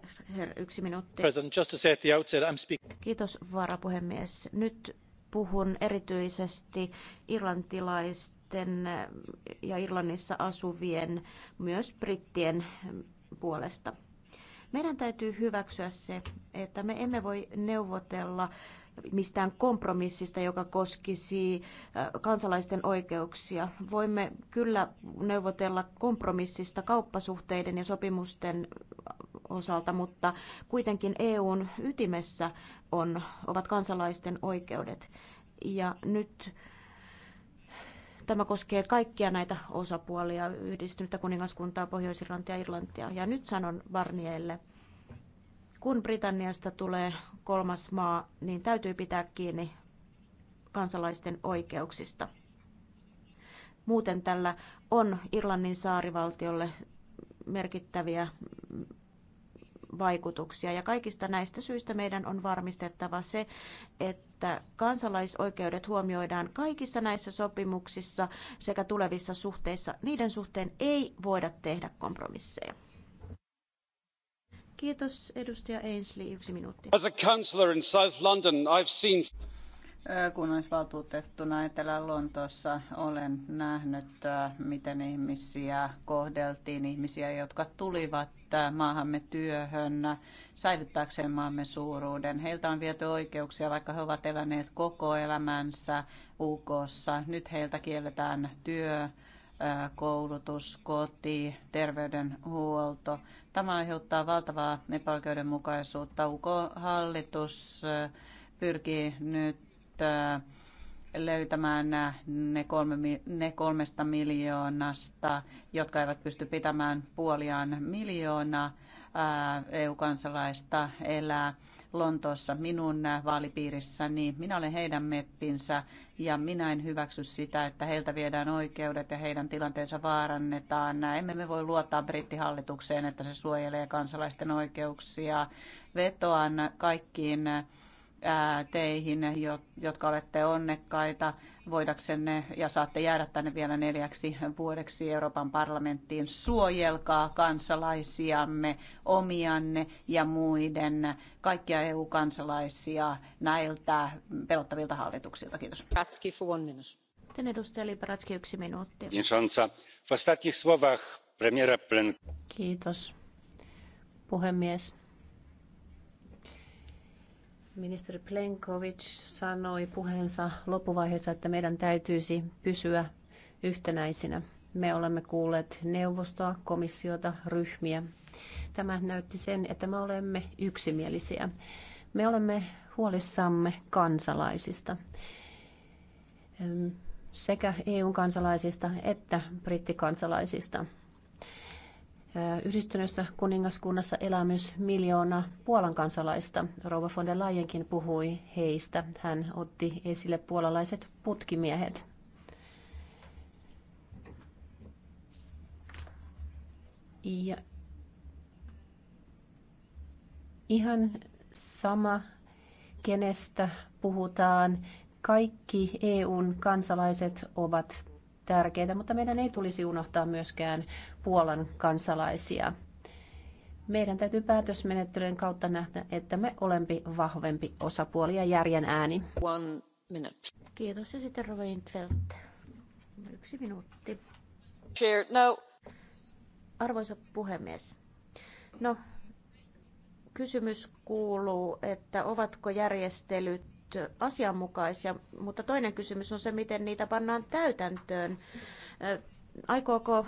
yksi minuutti. President, just to say at the outset, I'm speaking. Kiitos varapuhemies. Nyt puhun erityisesti irlantilaisten ja Irlannissa asuvien, myös brittien puolesta. Meidän täytyy hyväksyä se, että me emme voi neuvotella mistään kompromissista, joka koskisi kansalaisten oikeuksia. Voimme kyllä neuvotella kompromissista kauppasuhteiden ja sopimusten osalta, mutta kuitenkin EUn ytimessä on, ovat kansalaisten oikeudet. Ja nyt Tämä koskee kaikkia näitä osapuolia, yhdistynyttä kuningaskuntaa, Pohjois-Irlantia ja Irlantia. Ja nyt sanon Barnierille, kun Britanniasta tulee kolmas maa, niin täytyy pitää kiinni kansalaisten oikeuksista. Muuten tällä on Irlannin saarivaltiolle merkittäviä vaikutuksia. Ja kaikista näistä syistä meidän on varmistettava se, että kansalaisoikeudet huomioidaan kaikissa näissä sopimuksissa sekä tulevissa suhteissa. Niiden suhteen ei voida tehdä kompromisseja. Kiitos edustaja Ainsley, yksi minuutti. As a councillor in South London, I've seen kunnallisvaltuutettuna Etelä-Lontoossa olen nähnyt, miten ihmisiä kohdeltiin, ihmisiä, jotka tulivat maahamme työhön säilyttääkseen maamme suuruuden. Heiltä on viety oikeuksia, vaikka he ovat eläneet koko elämänsä UKssa. Nyt heiltä kielletään työ, koulutus, koti, terveydenhuolto. Tämä aiheuttaa valtavaa epäoikeudenmukaisuutta. UK-hallitus pyrkii nyt Äh, löytämään ne, kolme, ne kolmesta miljoonasta, jotka eivät pysty pitämään puoliaan miljoonaa äh, EU-kansalaista elää Lontoossa minun vaalipiirissäni. Minä olen heidän meppinsä ja minä en hyväksy sitä, että heiltä viedään oikeudet ja heidän tilanteensa vaarannetaan. Emme me voi luottaa brittihallitukseen, että se suojelee kansalaisten oikeuksia. Vetoan kaikkiin teihin, jotka olette onnekkaita voidaksenne ja saatte jäädä tänne vielä neljäksi vuodeksi Euroopan parlamenttiin. Suojelkaa kansalaisiamme, omianne ja muiden, kaikkia EU-kansalaisia näiltä pelottavilta hallituksilta. Kiitos. Pratski for one minute. Sitten edustaja Liberatski, yksi minuutti. premiera Kiitos, puhemies. Ministeri Plenkovic sanoi puheensa loppuvaiheessa, että meidän täytyisi pysyä yhtenäisinä. Me olemme kuulleet neuvostoa, komissiota, ryhmiä. Tämä näytti sen, että me olemme yksimielisiä. Me olemme huolissamme kansalaisista, sekä eu kansalaisista että brittikansalaisista. Yhdistyneessä kuningaskunnassa elää myös miljoona Puolan kansalaista. Rouva von der Leyenkin puhui heistä. Hän otti esille puolalaiset putkimiehet. Ja ihan sama, kenestä puhutaan, kaikki EUn kansalaiset ovat tärkeitä, mutta meidän ei tulisi unohtaa myöskään Puolan kansalaisia. Meidän täytyy päätösmenettelyjen kautta nähdä, että me olempi vahvempi osapuoli ja järjen ääni. One minute. Kiitos ja sitten Rova Yksi minuutti. Chair, no. Arvoisa puhemies. No, kysymys kuuluu, että ovatko järjestelyt asianmukaisia, mutta toinen kysymys on se, miten niitä pannaan täytäntöön. Aikooko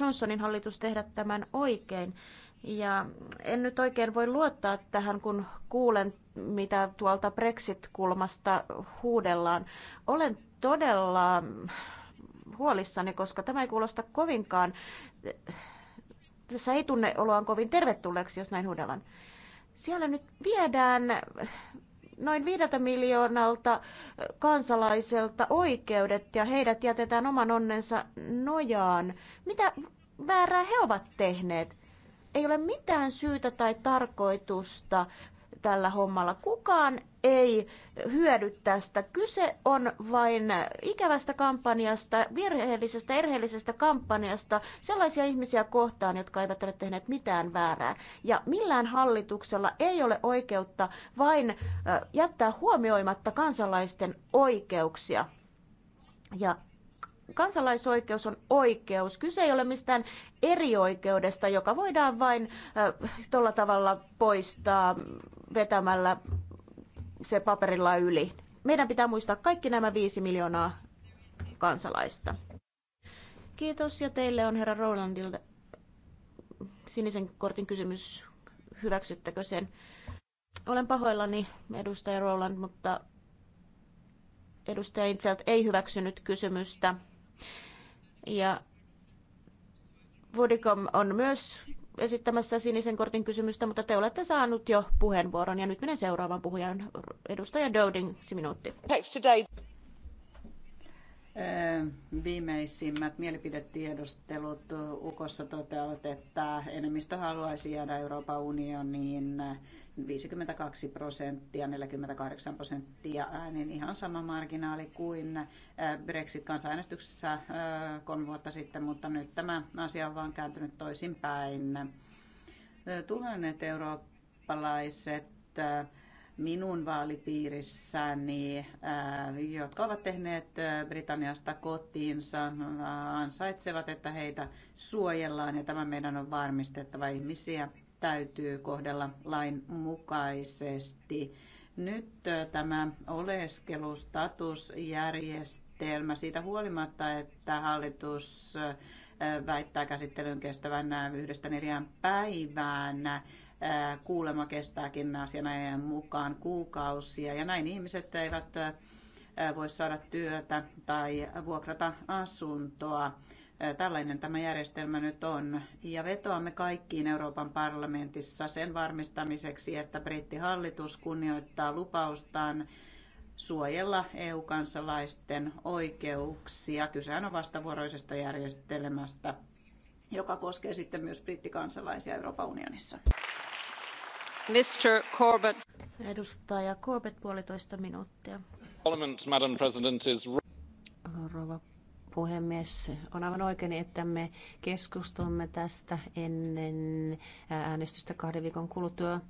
Johnsonin hallitus tehdä tämän oikein? Ja en nyt oikein voi luottaa tähän, kun kuulen, mitä tuolta Brexit-kulmasta huudellaan. Olen todella huolissani, koska tämä ei kuulosta kovinkaan. Tässä ei tunne oloaan kovin tervetulleeksi, jos näin huudellaan. Siellä nyt viedään noin viideltä miljoonalta kansalaiselta oikeudet ja heidät jätetään oman onnensa nojaan. Mitä väärää he ovat tehneet? Ei ole mitään syytä tai tarkoitusta tällä hommalla. Kukaan ei hyödy tästä. Kyse on vain ikävästä kampanjasta, virheellisestä, erheellisestä kampanjasta sellaisia ihmisiä kohtaan, jotka eivät ole tehneet mitään väärää. Ja millään hallituksella ei ole oikeutta vain jättää huomioimatta kansalaisten oikeuksia. Ja kansalaisoikeus on oikeus. Kyse ei ole mistään erioikeudesta, joka voidaan vain äh, tuolla tavalla poistaa vetämällä se paperilla yli. Meidän pitää muistaa kaikki nämä viisi miljoonaa kansalaista. Kiitos ja teille on herra Rolandille sinisen kortin kysymys. Hyväksyttekö sen? Olen pahoillani, edustaja Roland, mutta edustaja Intfeld ei hyväksynyt kysymystä. Ja Vodicom on myös esittämässä sinisen kortin kysymystä, mutta te olette saanut jo puheenvuoron. Ja nyt menen seuraavan puhujan, edustaja Dowding, minuutti. Ehm, viimeisimmät mielipidetiedustelut UKossa toteavat, että enemmistö haluaisi jäädä Euroopan unioniin 52 prosenttia, 48 prosenttia äänin ihan sama marginaali kuin eh, Brexit-kansanäänestyksessä eh, kolme vuotta sitten, mutta nyt tämä asia on vaan kääntynyt toisinpäin. Eh, tuhannet eurooppalaiset minun vaalipiirissäni, äh, jotka ovat tehneet äh, Britanniasta kotiinsa, äh, ansaitsevat, että heitä suojellaan ja tämä meidän on varmistettava. Ihmisiä täytyy kohdella lain mukaisesti. Nyt tämä oleskelustatusjärjestelmä siitä huolimatta, että hallitus väittää käsittelyn kestävän yhdestä neljään päivään, kuulema kestääkin asianajajan mukaan kuukausia ja näin ihmiset eivät voi saada työtä tai vuokrata asuntoa. Tällainen tämä järjestelmä nyt on. Ja vetoamme kaikkiin Euroopan parlamentissa sen varmistamiseksi, että brittihallitus kunnioittaa lupaustaan suojella EU-kansalaisten oikeuksia. Kysehän on vastavuoroisesta järjestelmästä, joka koskee sitten myös brittikansalaisia Euroopan unionissa. Mr. Corbett. Madam Rouva puhemies, on aivan oikein, että me keskustelemme tästä ennen äänestystä kahden viikon kuluttua.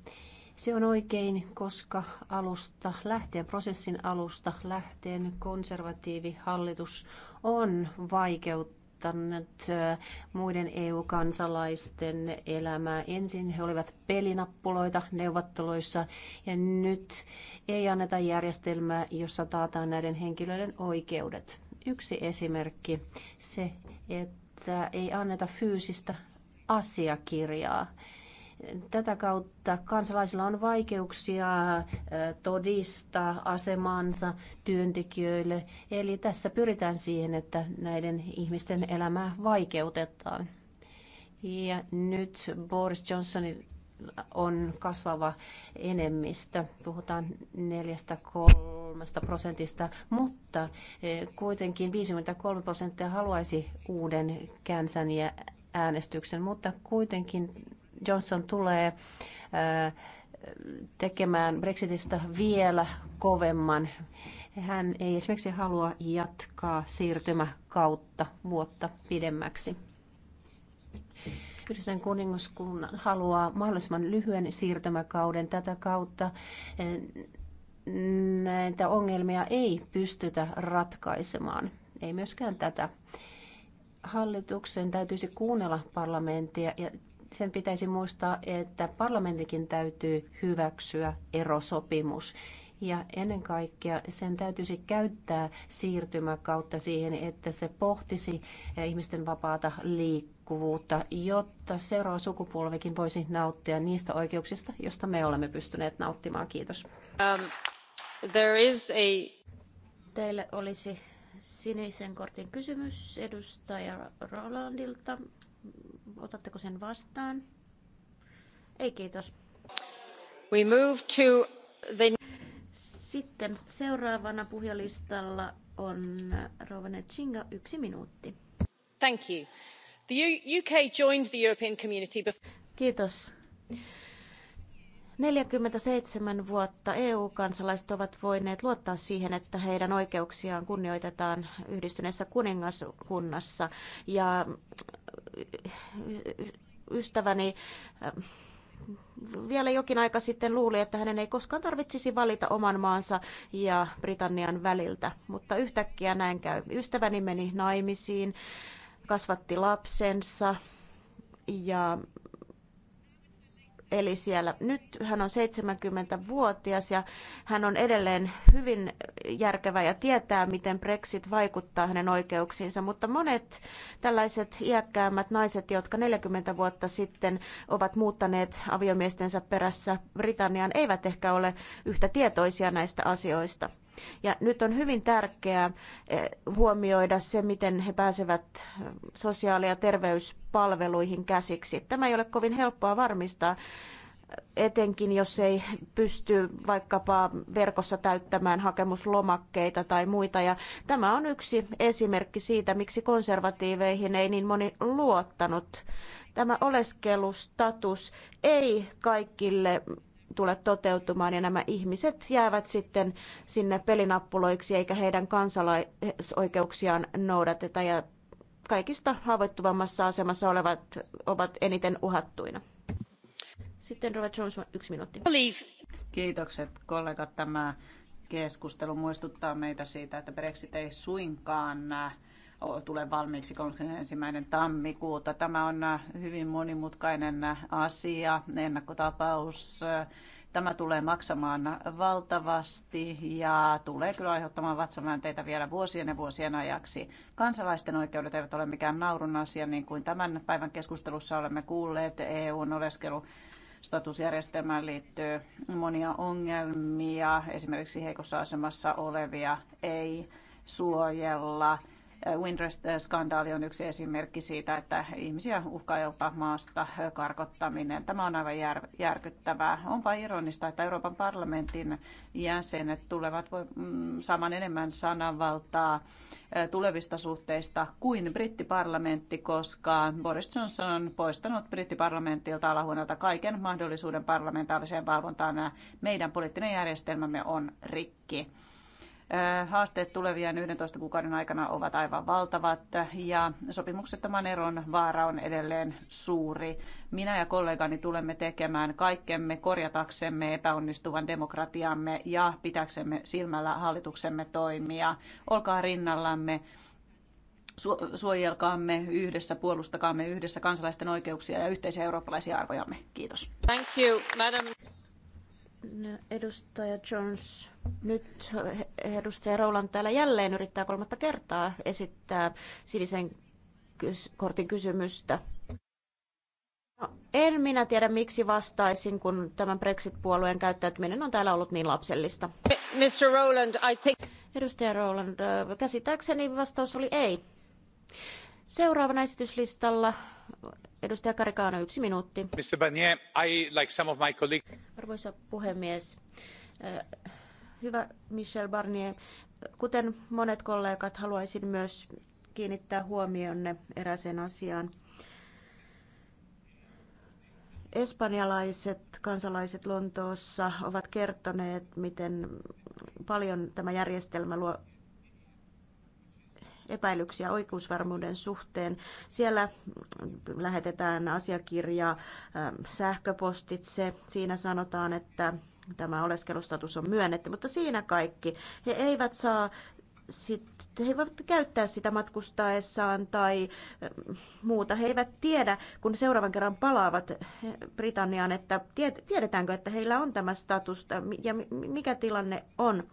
Se on oikein, koska alusta lähtien, prosessin alusta lähtien konservatiivihallitus on vaikeuttanut vaikuttanut äh, muiden EU-kansalaisten elämää. Ensin he olivat pelinappuloita neuvotteluissa ja nyt ei anneta järjestelmää, jossa taataan näiden henkilöiden oikeudet. Yksi esimerkki se, että ei anneta fyysistä asiakirjaa. Tätä kautta kansalaisilla on vaikeuksia todistaa asemansa työntekijöille, eli tässä pyritään siihen, että näiden ihmisten elämää vaikeutetaan. Ja nyt Boris Johnson on kasvava enemmistö. Puhutaan neljästä kolmesta prosentista, mutta kuitenkin 53 prosenttia haluaisi uuden känsän ja äänestyksen, mutta kuitenkin Johnson tulee äh, tekemään Brexitistä vielä kovemman. Hän ei esimerkiksi halua jatkaa siirtymäkautta vuotta pidemmäksi. Yhdistyneen kuningaskunnan haluaa mahdollisimman lyhyen siirtymäkauden tätä kautta. Äh, näitä ongelmia ei pystytä ratkaisemaan, ei myöskään tätä. Hallituksen täytyisi kuunnella parlamenttia ja sen pitäisi muistaa, että parlamentikin täytyy hyväksyä erosopimus. Ja ennen kaikkea sen täytyisi käyttää siirtymäkautta siihen, että se pohtisi eh, ihmisten vapaata liikkuvuutta, jotta seuraava sukupolvikin voisi nauttia niistä oikeuksista, joista me olemme pystyneet nauttimaan. Kiitos. Um, there is a... Teille olisi sinisen kortin kysymys edustaja Rolandilta. Otatteko sen vastaan? Ei, kiitos. We move to the... Sitten seuraavana puhujalistalla on Rovane Chinga, yksi minuutti. Thank you. The UK joined the European community before... Kiitos. 47 vuotta EU-kansalaiset ovat voineet luottaa siihen, että heidän oikeuksiaan kunnioitetaan yhdistyneessä kuningaskunnassa ja ystäväni äh, vielä jokin aika sitten luuli, että hänen ei koskaan tarvitsisi valita oman maansa ja Britannian väliltä, mutta yhtäkkiä näin käy. Ystäväni meni naimisiin, kasvatti lapsensa ja eli siellä. Nyt hän on 70-vuotias ja hän on edelleen hyvin järkevä ja tietää, miten Brexit vaikuttaa hänen oikeuksiinsa, mutta monet tällaiset iäkkäämmät naiset, jotka 40 vuotta sitten ovat muuttaneet aviomiestensä perässä Britanniaan, eivät ehkä ole yhtä tietoisia näistä asioista. Ja nyt on hyvin tärkeää eh, huomioida se, miten he pääsevät eh, sosiaali- ja terveyspalveluihin käsiksi. Tämä ei ole kovin helppoa varmistaa, eh, etenkin jos ei pysty vaikkapa verkossa täyttämään hakemuslomakkeita tai muita. Ja tämä on yksi esimerkki siitä, miksi konservatiiveihin ei niin moni luottanut. Tämä oleskelustatus ei kaikille tule toteutumaan ja nämä ihmiset jäävät sitten sinne pelinappuloiksi eikä heidän kansalaisoikeuksiaan noudateta ja kaikista haavoittuvammassa asemassa olevat ovat eniten uhattuina. Sitten Robert Jones, yksi minuutti. Kiitokset kollegat. Tämä keskustelu muistuttaa meitä siitä, että Brexit ei suinkaan tule valmiiksi 31. tammikuuta. Tämä on äh, hyvin monimutkainen äh, asia, ennakkotapaus. Äh, tämä tulee maksamaan valtavasti ja tulee kyllä aiheuttamaan teitä vielä vuosien ja vuosien ajaksi. Kansalaisten oikeudet eivät ole mikään naurun asia, niin kuin tämän päivän keskustelussa olemme kuulleet. EUn oleskelu statusjärjestelmään liittyy monia ongelmia, esimerkiksi heikossa asemassa olevia ei suojella Windrest-skandaali on yksi esimerkki siitä, että ihmisiä uhkaa jopa maasta karkottaminen. Tämä on aivan jär, järkyttävää. Onpa ironista, että Euroopan parlamentin jäsenet tulevat mm, saamaan enemmän sananvaltaa eh, tulevista suhteista kuin brittiparlamentti, koska Boris Johnson on poistanut brittiparlamentilta alahuoneelta kaiken mahdollisuuden parlamentaariseen valvontaan. Meidän poliittinen järjestelmämme on rikki Haasteet tulevien 11 kuukauden aikana ovat aivan valtavat ja sopimuksettoman eron vaara on edelleen suuri. Minä ja kollegani tulemme tekemään kaikkemme korjataksemme epäonnistuvan demokratiamme ja pitäksemme silmällä hallituksemme toimia. Olkaa rinnallamme suojelkaamme yhdessä, puolustakaamme yhdessä kansalaisten oikeuksia ja yhteisiä eurooppalaisia arvojamme. Kiitos. Thank you, madam. No, edustaja Jones, nyt edustaja Roland, täällä jälleen yrittää kolmatta kertaa esittää sinisen kortin kysymystä. No, en minä tiedä, miksi vastaisin, kun tämän Brexit-puolueen käyttäytyminen on täällä ollut niin lapsellista. Mr. Roland, I think... Edustaja Rowland, äh, käsittääkseni vastaus oli ei. Seuraavana esityslistalla edustaja Karikaana, yksi minuutti. Mr. Barnier, I, like some of my colleagues... Arvoisa puhemies, äh, Hyvä Michel Barnier, kuten monet kollegat, haluaisin myös kiinnittää huomionne eräseen asiaan. Espanjalaiset kansalaiset Lontoossa ovat kertoneet, miten paljon tämä järjestelmä luo epäilyksiä oikeusvarmuuden suhteen. Siellä lähetetään asiakirja sähköpostitse. Siinä sanotaan, että tämä oleskelustatus on myönnetty, mutta siinä kaikki. He eivät saa sit, he eivät käyttää sitä matkustaessaan tai eh, muuta. He eivät tiedä, kun seuraavan kerran palaavat eh, Britanniaan, että tiedetäänkö, että heillä on tämä status ja mikä tilanne on.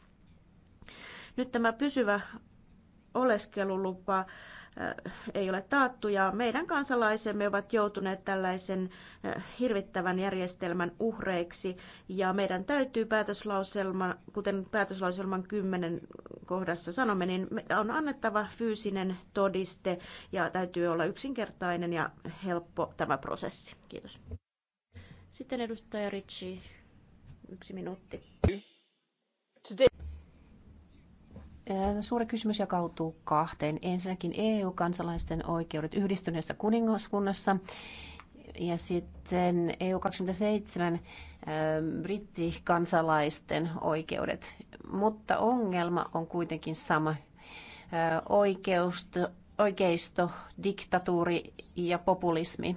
Nyt tämä pysyvä oleskelulupa ei ole taattu ja meidän kansalaisemme ovat joutuneet tällaisen hirvittävän järjestelmän uhreiksi ja meidän täytyy päätöslauselman, kuten päätöslauselman 10 kohdassa sanomme, niin on annettava fyysinen todiste ja täytyy olla yksinkertainen ja helppo tämä prosessi. Kiitos. Sitten edustaja Ritchie, yksi minuutti. Today suuri kysymys jakautuu kahteen. Ensinnäkin EU-kansalaisten oikeudet yhdistyneessä kuningaskunnassa ja sitten EU27 brittikansalaisten oikeudet. Mutta ongelma on kuitenkin sama. Oikeusto, oikeisto, diktatuuri ja populismi.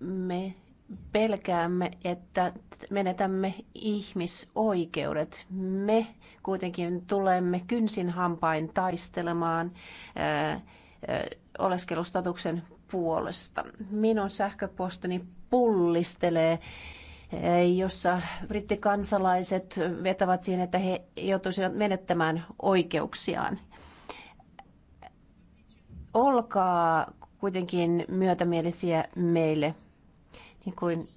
Me pelkäämme, että menetämme ihmisoikeudet. Me kuitenkin tulemme kynsin hampain taistelemaan ää, äh, ää, äh, oleskelustatuksen puolesta. Minun sähköpostini pullistelee äh, jossa brittikansalaiset vetävät siihen, että he joutuisivat menettämään oikeuksiaan. Olkaa kuitenkin myötämielisiä meille niin kuin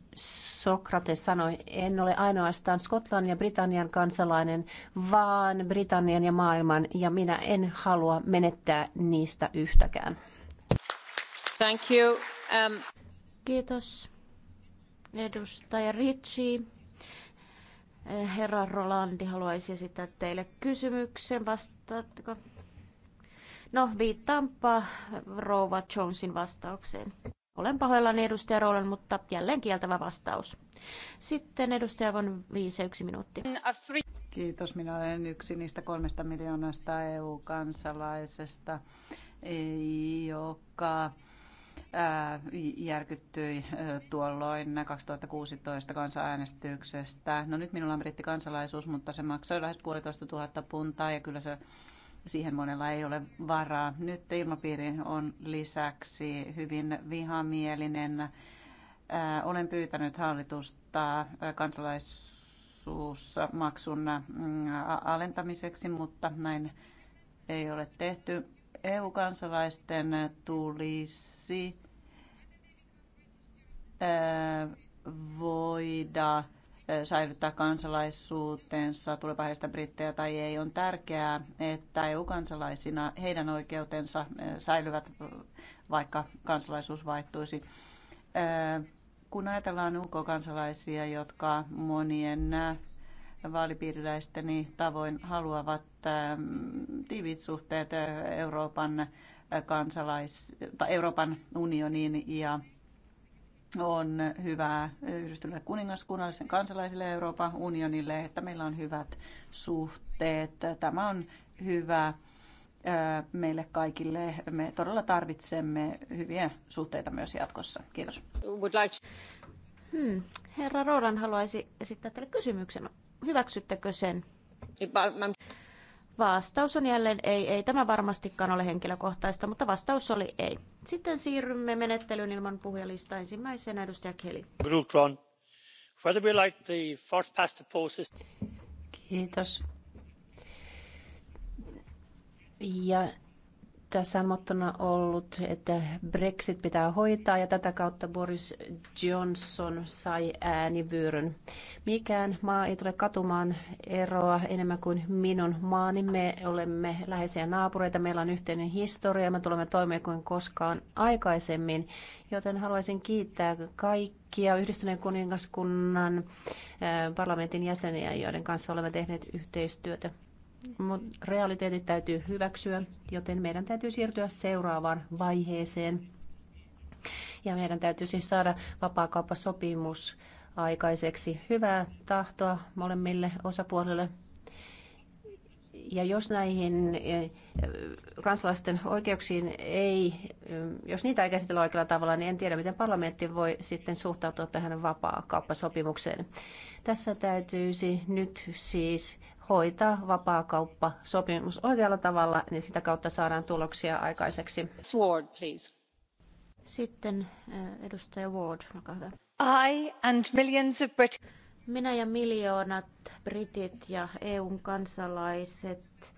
Sokrates sanoi, en ole ainoastaan Skotlannin ja Britannian kansalainen, vaan Britannian ja maailman, ja minä en halua menettää niistä yhtäkään. Thank you. Um... Kiitos. Edustaja Ritchie. Eh, herra Rolandi haluaisi esittää teille kysymyksen. Vastaatteko? No, viittaanpa Rouva Jonesin vastaukseen. Olen pahoillani edustaja Roolan, mutta jälleen kieltävä vastaus. Sitten edustaja von Viise, yksi minuutti. Kiitos, minä olen yksi niistä kolmesta miljoonasta EU-kansalaisesta, joka äh, järkyttyi äh, tuolloin 2016 kansanäänestyksestä. No nyt minulla on brittikansalaisuus, mutta se maksoi lähes puolitoista tuhatta puntaa ja kyllä se Siihen monella ei ole varaa. Nyt ilmapiiri on lisäksi hyvin vihamielinen. Äh, olen pyytänyt hallitusta äh, kansalaisuusmaksun äh, alentamiseksi, mutta näin ei ole tehty. EU-kansalaisten tulisi voida säilyttää kansalaisuutensa, tulepa heistä brittejä tai ei, on tärkeää, että EU-kansalaisina heidän oikeutensa säilyvät, vaikka kansalaisuus vaihtuisi. Kun ajatellaan UK-kansalaisia, jotka monien vaalipiiriläisteni tavoin haluavat tiiviit suhteet Euroopan, kansalais- tai Euroopan unioniin ja on hyvää yhdistyneelle kuningaskunnalle, sen kansalaisille Euroopan unionille, että meillä on hyvät suhteet. Tämä on hyvä meille kaikille. Me todella tarvitsemme hyviä suhteita myös jatkossa. Kiitos. Hmm. Herra Roran haluaisi esittää teille kysymyksen. Hyväksyttekö sen? Vastaus on jälleen ei, ei tämä varmastikaan ole henkilökohtaista, mutta vastaus oli ei. Sitten siirrymme menettelyyn ilman puhujalista ensimmäisenä edustaja Kelly. Kiitos. Ja tässä on mottona ollut, että Brexit pitää hoitaa ja tätä kautta Boris Johnson sai äänivyöryn. Mikään maa ei tule katumaan eroa enemmän kuin minun maani. Me olemme läheisiä naapureita, meillä on yhteinen historia, me tulemme toimeen kuin koskaan aikaisemmin. Joten haluaisin kiittää kaikkia yhdistyneen kuningaskunnan parlamentin jäseniä, joiden kanssa olemme tehneet yhteistyötä mutta realiteetit täytyy hyväksyä, joten meidän täytyy siirtyä seuraavaan vaiheeseen. Ja meidän täytyy siis saada vapaakauppasopimus aikaiseksi hyvää tahtoa molemmille osapuolille. Ja jos näihin eh, kansalaisten oikeuksiin ei, eh, jos niitä ei käsitellä oikealla tavalla, niin en tiedä, miten parlamentti voi sitten suhtautua tähän vapaa-kauppasopimukseen. Tässä täytyisi nyt siis hoitaa vapaakauppa sopimus oikealla tavalla, niin sitä kautta saadaan tuloksia aikaiseksi. Sword, please. Sitten eh, edustaja Ward, olkaa hyvä. I and millions of Brit- Minä ja miljoonat britit ja EUn kansalaiset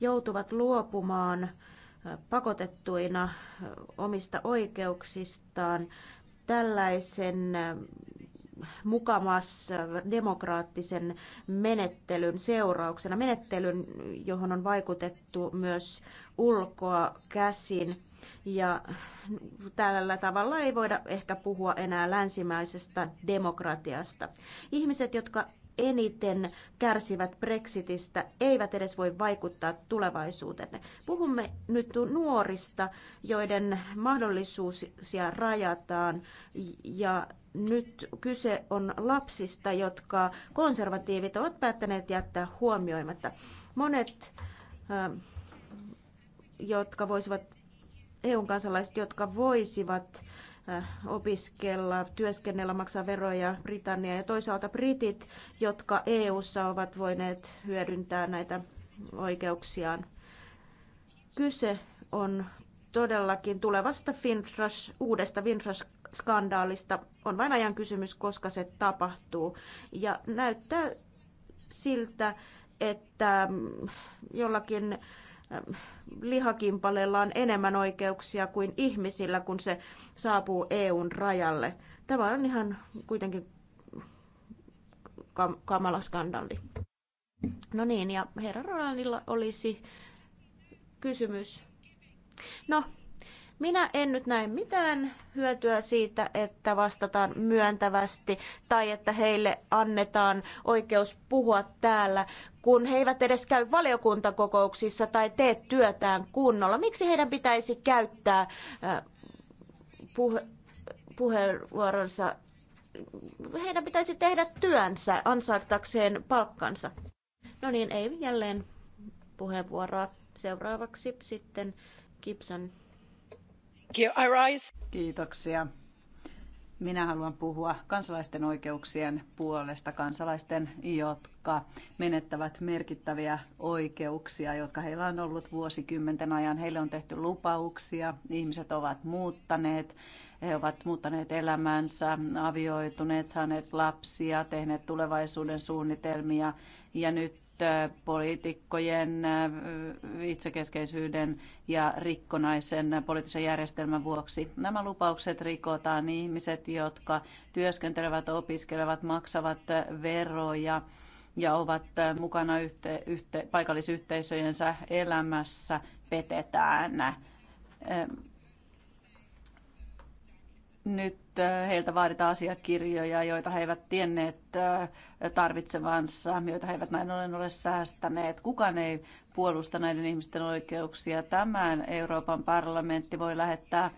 joutuvat luopumaan eh, pakotettuina eh, omista oikeuksistaan tällaisen mukamas äh, demokraattisen menettelyn seurauksena, menettelyn, johon on vaikutettu myös ulkoa käsin. Ja äh, tällä tavalla ei voida ehkä puhua enää länsimäisestä demokratiasta. Ihmiset, jotka eniten kärsivät Brexitistä, eivät edes voi vaikuttaa tulevaisuuteen. Puhumme nyt nuorista, joiden mahdollisuuksia rajataan ja nyt kyse on lapsista, jotka konservatiivit ovat päättäneet jättää huomioimatta. Monet, jotka voisivat, EU-kansalaiset, jotka voisivat opiskella, työskennellä, maksaa veroja Britannia ja toisaalta britit, jotka EU:ssa ovat voineet hyödyntää näitä oikeuksiaan. Kyse on todellakin tulevasta Finfrash, uudesta Finfrash-skandaalista. On vain ajan kysymys, koska se tapahtuu. Ja näyttää siltä, että mm, jollakin mm, lihakimpaleella on enemmän oikeuksia kuin ihmisillä, kun se saapuu EUn rajalle. Tämä on ihan kuitenkin kam- kamala skandaali. No niin, ja herra Rolandilla olisi kysymys No, minä en nyt näe mitään hyötyä siitä, että vastataan myöntävästi tai että heille annetaan oikeus puhua täällä, kun he eivät edes käy valiokuntakokouksissa tai tee työtään kunnolla. Miksi heidän pitäisi käyttää äh, puhe- puheenvuoronsa? Heidän pitäisi tehdä työnsä ansaitakseen palkkansa. No niin, ei jälleen puheenvuoroa. Seuraavaksi sitten Gibson. Kiitoksia. Minä haluan puhua kansalaisten oikeuksien puolesta, kansalaisten, jotka menettävät merkittäviä oikeuksia, jotka heillä on ollut vuosikymmenten ajan. Heille on tehty lupauksia, ihmiset ovat muuttaneet, he ovat muuttaneet elämänsä, avioituneet, saaneet lapsia, tehneet tulevaisuuden suunnitelmia ja nyt poliitikkojen äh, itsekeskeisyyden ja rikkonaisen poliittisen järjestelmän vuoksi. Nämä lupaukset rikotaan. Ihmiset, jotka työskentelevät, opiskelevat, maksavat veroja ja ovat mukana yhte, yhte, paikallisyhteisöjensä elämässä, petetään. Äh, nyt heiltä vaaditaan asiakirjoja, joita he eivät tienneet äh, tarvitsevansa, joita he eivät näin ollen ole säästäneet. Kukaan ei puolusta näiden ihmisten oikeuksia. Tämän Euroopan parlamentti voi lähettää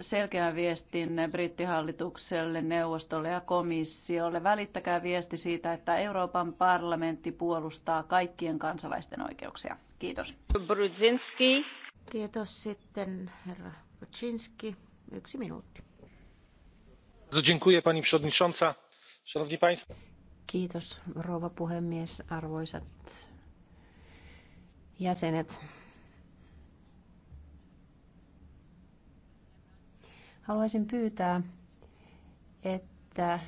selkeän viestin brittihallitukselle, neuvostolle ja komissiolle. Välittäkää viesti siitä, että Euroopan parlamentti puolustaa kaikkien kansalaisten oikeuksia. Kiitos. Brudzinski. Kiitos sitten herra Brudzinski. Yksi minuutti pani przewodnicząca! szanowni państwo! kiitos rouva puhemies arvoisat jäsenet haluaisin pyytää että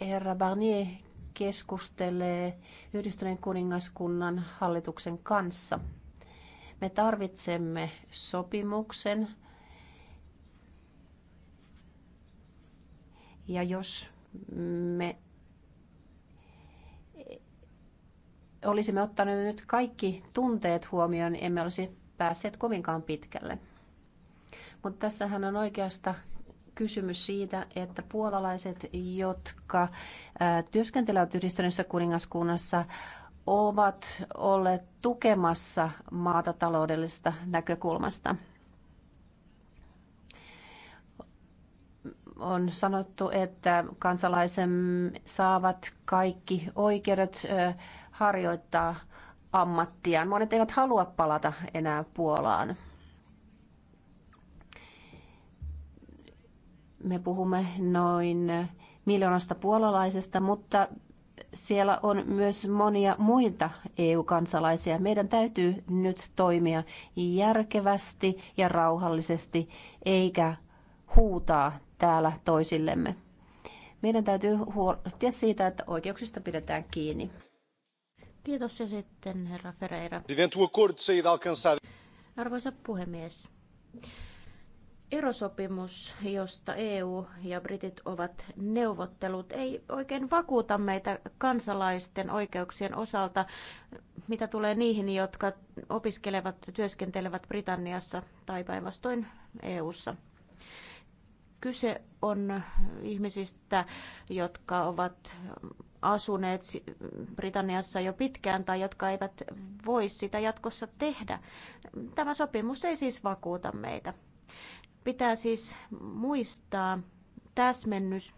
herra barnier keskustelee yhdistyneen kuningaskunnan hallituksen kanssa. me tarvitsemme sopimuksen Ja jos me olisimme ottaneet nyt kaikki tunteet huomioon, emme olisi päässeet kovinkaan pitkälle. Mutta tässähän on oikeasta kysymys siitä, että puolalaiset, jotka työskentelevät yhdistyneessä kuningaskunnassa, ovat olleet tukemassa maata taloudellisesta näkökulmasta. on sanottu, että kansalaisen saavat kaikki oikeudet harjoittaa ammattiaan. Monet eivät halua palata enää Puolaan. Me puhumme noin miljoonasta puolalaisesta, mutta siellä on myös monia muita EU-kansalaisia. Meidän täytyy nyt toimia järkevästi ja rauhallisesti, eikä huutaa täällä toisillemme. Meidän täytyy huolehtia siitä, että oikeuksista pidetään kiinni. Kiitos ja sitten herra Ferreira. Arvoisa puhemies. Erosopimus, josta EU ja Britit ovat neuvottelut, ei oikein vakuuta meitä kansalaisten oikeuksien osalta, mitä tulee niihin, jotka opiskelevat, työskentelevät Britanniassa tai päinvastoin EUssa. ssa Kyse on ihmisistä, jotka ovat asuneet Britanniassa jo pitkään tai jotka eivät voi sitä jatkossa tehdä. Tämä sopimus ei siis vakuuta meitä. Pitää siis muistaa täsmennys,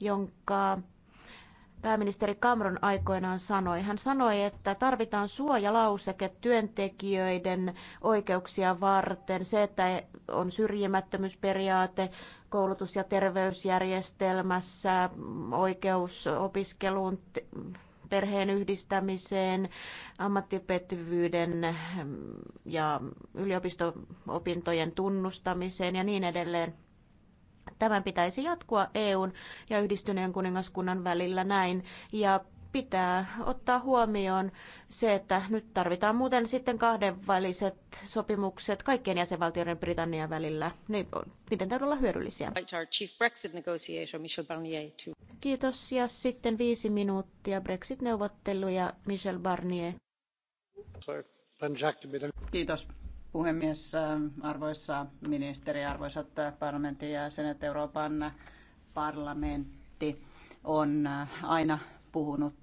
jonka pääministeri Cameron aikoinaan sanoi. Hän sanoi, että tarvitaan suojalauseke työntekijöiden oikeuksia varten, se, että on syrjimättömyysperiaate koulutus- ja terveysjärjestelmässä, oikeus opiskeluun, perheen yhdistämiseen, ammattipettyvyyden mm, ja yliopisto-opintojen tunnustamiseen ja niin edelleen. Tämän pitäisi jatkua EUn ja yhdistyneen kuningaskunnan välillä näin ja pitää ottaa huomioon se, että nyt tarvitaan muuten sitten kahdenväliset sopimukset kaikkien jäsenvaltioiden Britannian välillä. Niin, niiden täytyy olla hyödyllisiä. Kiitos ja sitten viisi minuuttia Brexit-neuvotteluja Michel Barnier. Kiitos puhemies, arvoisa ministeri, arvoisat parlamentin jäsenet, Euroopan parlamentti on aina puhunut